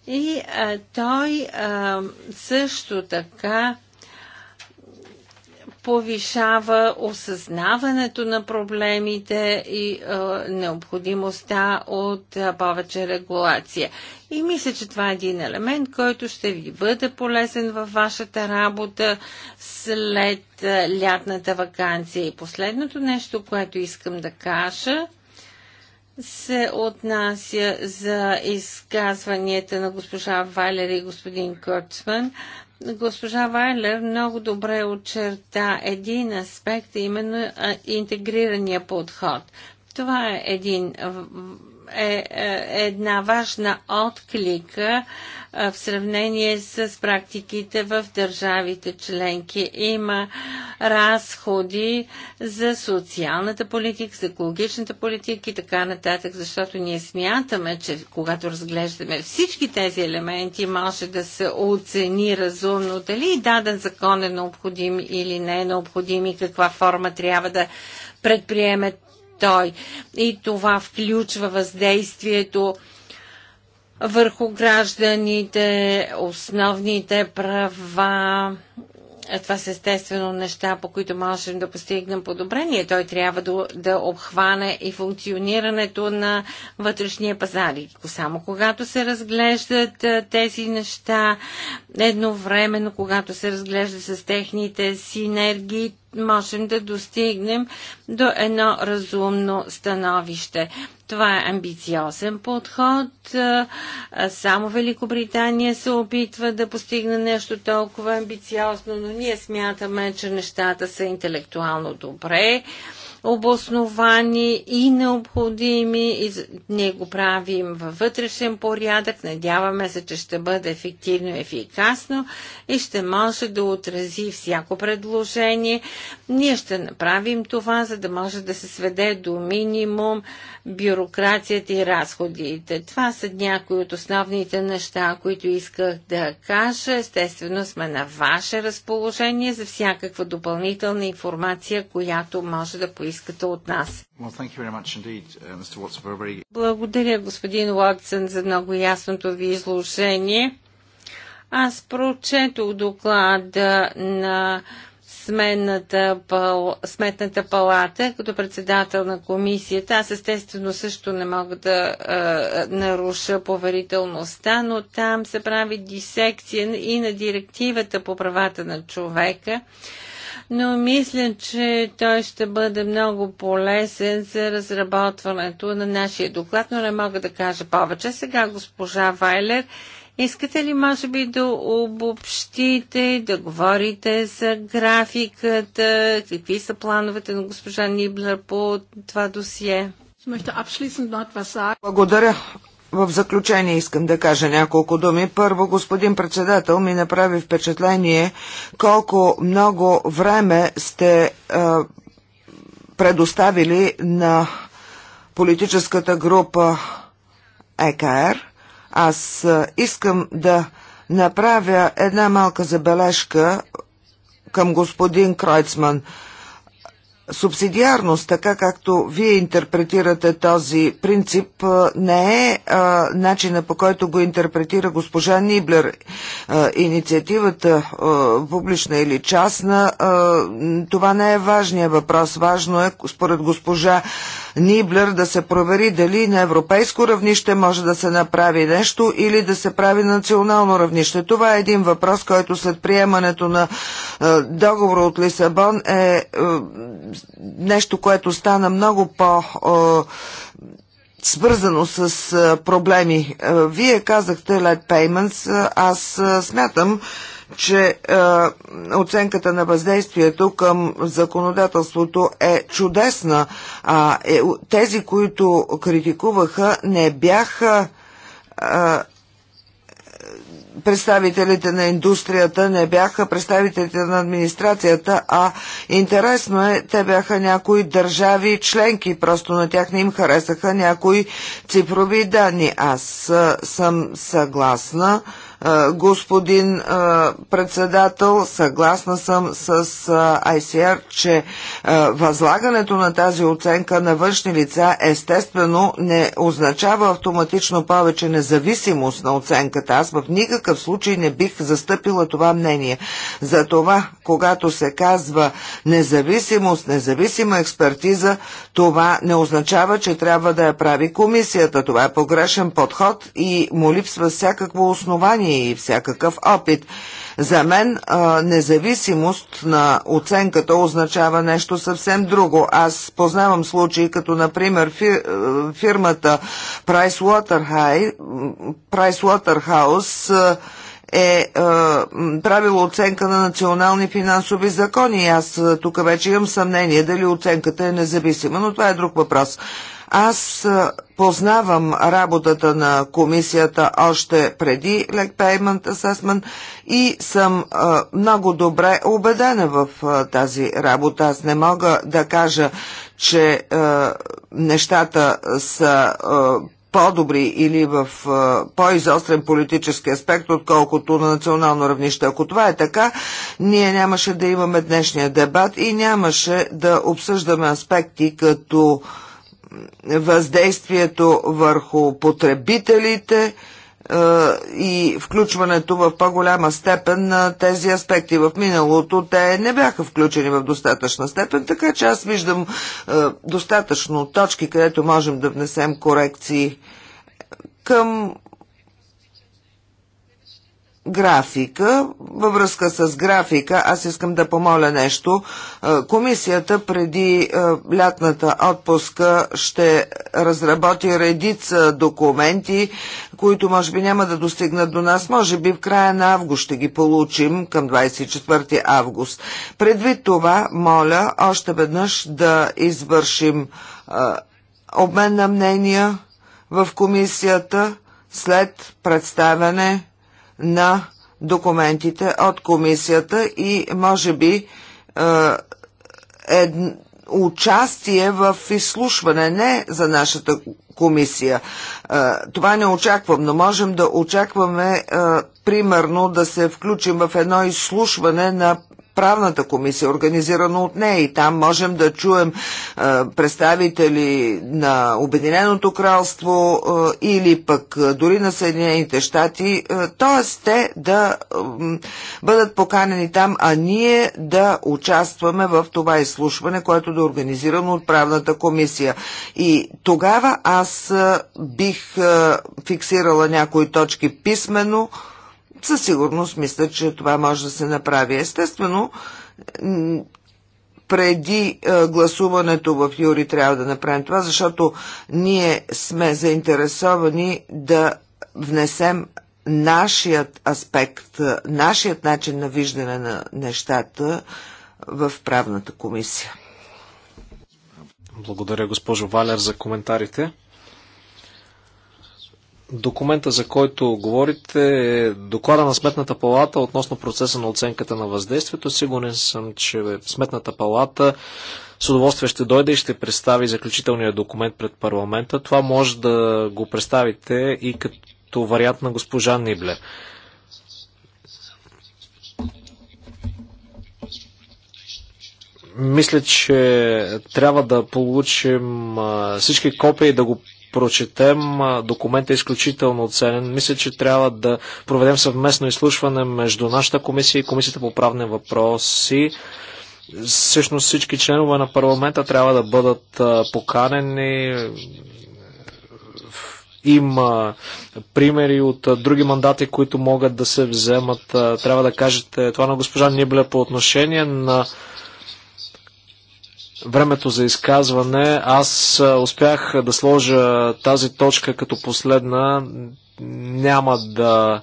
и а, той а, също така повишава осъзнаването на проблемите и е, необходимостта от повече регулация. И мисля, че това е един елемент, който ще ви бъде полезен във вашата работа след лятната вакансия. И последното нещо, което искам да кажа, се отнася за изказванията на госпожа Валери и господин Кърцман. Госпожа Вайлер много добре очерта един аспект, именно интегрирания подход. Това е един е, е една важна отклика е, в сравнение с практиките в държавите членки. Има разходи за социалната политика, за екологичната политика и така нататък, защото ние смятаме, че когато разглеждаме всички тези елементи, може да се оцени разумно дали даден закон е необходим или не е необходим и каква форма трябва да предприеме той. И това включва въздействието върху гражданите, основните права. Това са естествено неща, по които можем да постигнем подобрение. Той трябва да, да обхване и функционирането на вътрешния пазар. И само когато се разглеждат тези неща, едновременно, когато се разглежда с техните синергии, можем да достигнем до едно разумно становище. Това е амбициозен подход. Само Великобритания се опитва да постигне нещо толкова амбициозно, но ние смятаме, че нещата са интелектуално добре обосновани и необходими. И ние го правим във вътрешен порядък. Надяваме се, че ще бъде ефективно и ефикасно и ще може да отрази всяко предложение. Ние ще направим това, за да може да се сведе до минимум бюрокрацията и разходите. Това са някои от основните неща, които исках да кажа. Естествено сме на ваше разположение за всякаква допълнителна информация, която може да поискате от нас. Well, indeed, uh, Watson, Благодаря, господин Уотсън, за много ясното ви изложение. Аз прочетох доклада на пал, сметната палата, като председател на комисията. Аз естествено също не мога да наруша поверителността, но там се прави дисекция и на директивата по правата на човека. Но мисля, че той ще бъде много полезен за разработването на нашия доклад, но не мога да кажа повече. Сега госпожа Вайлер Искате ли, може би, да обобщите, да говорите за графиката, какви са плановете на госпожа Ниблер по това досие? Благодаря. В заключение искам да кажа няколко думи. Първо, господин председател, ми направи впечатление колко много време сте е, предоставили на политическата група ЕКР. Аз искам да направя една малка забележка към господин Кройцман. Субсидиарност, така както вие интерпретирате този принцип, не е а, начина по който го интерпретира госпожа Ниблер. А, инициативата а, публична или частна, а, това не е важният въпрос. Важно е, според госпожа Ниблер да се провери дали на европейско равнище може да се направи нещо или да се прави национално равнище. Това е един въпрос, който след приемането на е, договора от Лисабон е, е нещо, което стана много по- е, свързано с проблеми. Вие казахте Led Payments. Аз смятам, че е, оценката на въздействието към законодателството е чудесна, а е, тези, които критикуваха, не бяха е, представителите на индустрията, не бяха представителите на администрацията, а интересно е, те бяха някои държави членки, просто на тях не им харесаха някои цифрови данни. Аз е, съм съгласна господин председател. Съгласна съм с ICR, че възлагането на тази оценка на външни лица естествено не означава автоматично повече независимост на оценката. Аз в никакъв случай не бих застъпила това мнение. За това, когато се казва независимост, независима експертиза, това не означава, че трябва да я прави комисията. Това е погрешен подход и му липсва всякакво основание знания и всякакъв опит. За мен а, независимост на оценката означава нещо съвсем друго. Аз познавам случаи, като например фир, фирмата Pricewaterhouse е, е правила оценка на национални финансови закони. Аз тук вече имам съмнение дали оценката е независима, но това е друг въпрос. Аз познавам работата на комисията още преди Leg Payment Assessment и съм много добре убедена в тази работа. Аз не мога да кажа, че нещата са по-добри или в по-изострен политически аспект, отколкото на национално равнище. Ако това е така, ние нямаше да имаме днешния дебат и нямаше да обсъждаме аспекти като въздействието върху потребителите е, и включването в по-голяма степен на тези аспекти. В миналото те не бяха включени в достатъчна степен, така че аз виждам е, достатъчно точки, където можем да внесем корекции към графика. Във връзка с графика, аз искам да помоля нещо. Е, комисията преди е, лятната отпуска ще разработи редица документи, които може би няма да достигнат до нас. Може би в края на август ще ги получим към 24 август. Предвид това, моля още веднъж да извършим е, обмен на мнения в комисията след представяне на документите от комисията и може би е, участие в изслушване, не за нашата комисия. Е, това не очаквам, но можем да очакваме е, примерно да се включим в едно изслушване на правната комисия, организирано от нея и там можем да чуем е, представители на Обединеното кралство е, или пък е, дори на Съединените щати, т.е. те да бъдат поканени там, а ние да участваме в това изслушване, което да е организирано от правната комисия. И тогава аз бих фиксирала някои точки писменно, със сигурност мисля, че това може да се направи. Естествено, преди е, гласуването в Юри трябва да направим това, защото ние сме заинтересовани да внесем нашият аспект, е, нашият начин на виждане на нещата в правната комисия. Благодаря, госпожо Валер, за коментарите. Документа, за който говорите, е доклада на Сметната палата относно процеса на оценката на въздействието. Сигурен съм, че Сметната палата с удоволствие ще дойде и ще представи заключителния документ пред парламента. Това може да го представите и като вариант на госпожа Нибле. Мисля, че трябва да получим всички копии да го прочетем. Документът е изключително оценен. Мисля, че трябва да проведем съвместно изслушване между нашата комисия и Комисията по правни въпроси. Всъщност всички членове на парламента трябва да бъдат поканени. Има примери от други мандати, които могат да се вземат. Трябва да кажете това на госпожа Нибле по отношение на времето за изказване. Аз успях да сложа тази точка като последна. Няма да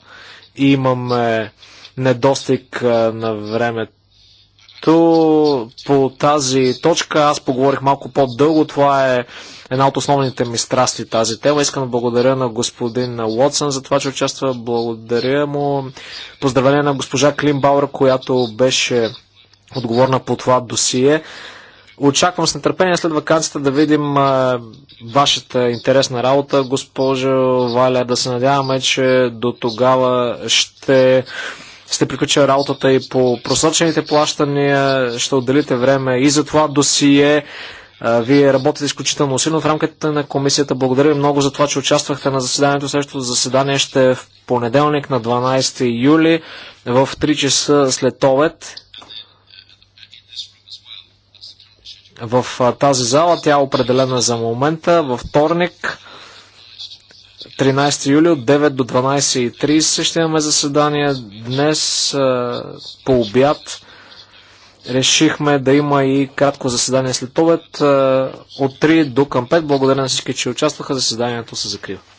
имаме недостиг на времето. По тази точка аз поговорих малко по-дълго. Това е една от основните ми страсти тази тема. Искам да благодаря на господин Уотсън за това, че участва. Благодаря му. Поздравление на госпожа Бауър, която беше отговорна по това досие. Очаквам с нетърпение след вакансията да видим а, вашата интересна работа, госпожо Валя. Да се надяваме, че до тогава ще сте приключили работата и по просочените плащания, ще отделите време и за това досие. Вие работите изключително усилено в рамките на комисията. Благодаря ви много за това, че участвахте на заседанието. Следващото заседание ще е в понеделник на 12 юли в 3 часа след обед. в тази зала. Тя е определена за момента. Във вторник, 13 юли от 9 до 12.30 ще имаме заседание. Днес по обяд решихме да има и кратко заседание след обед от 3 до към 5. Благодаря на всички, че участваха. Заседанието се закрива.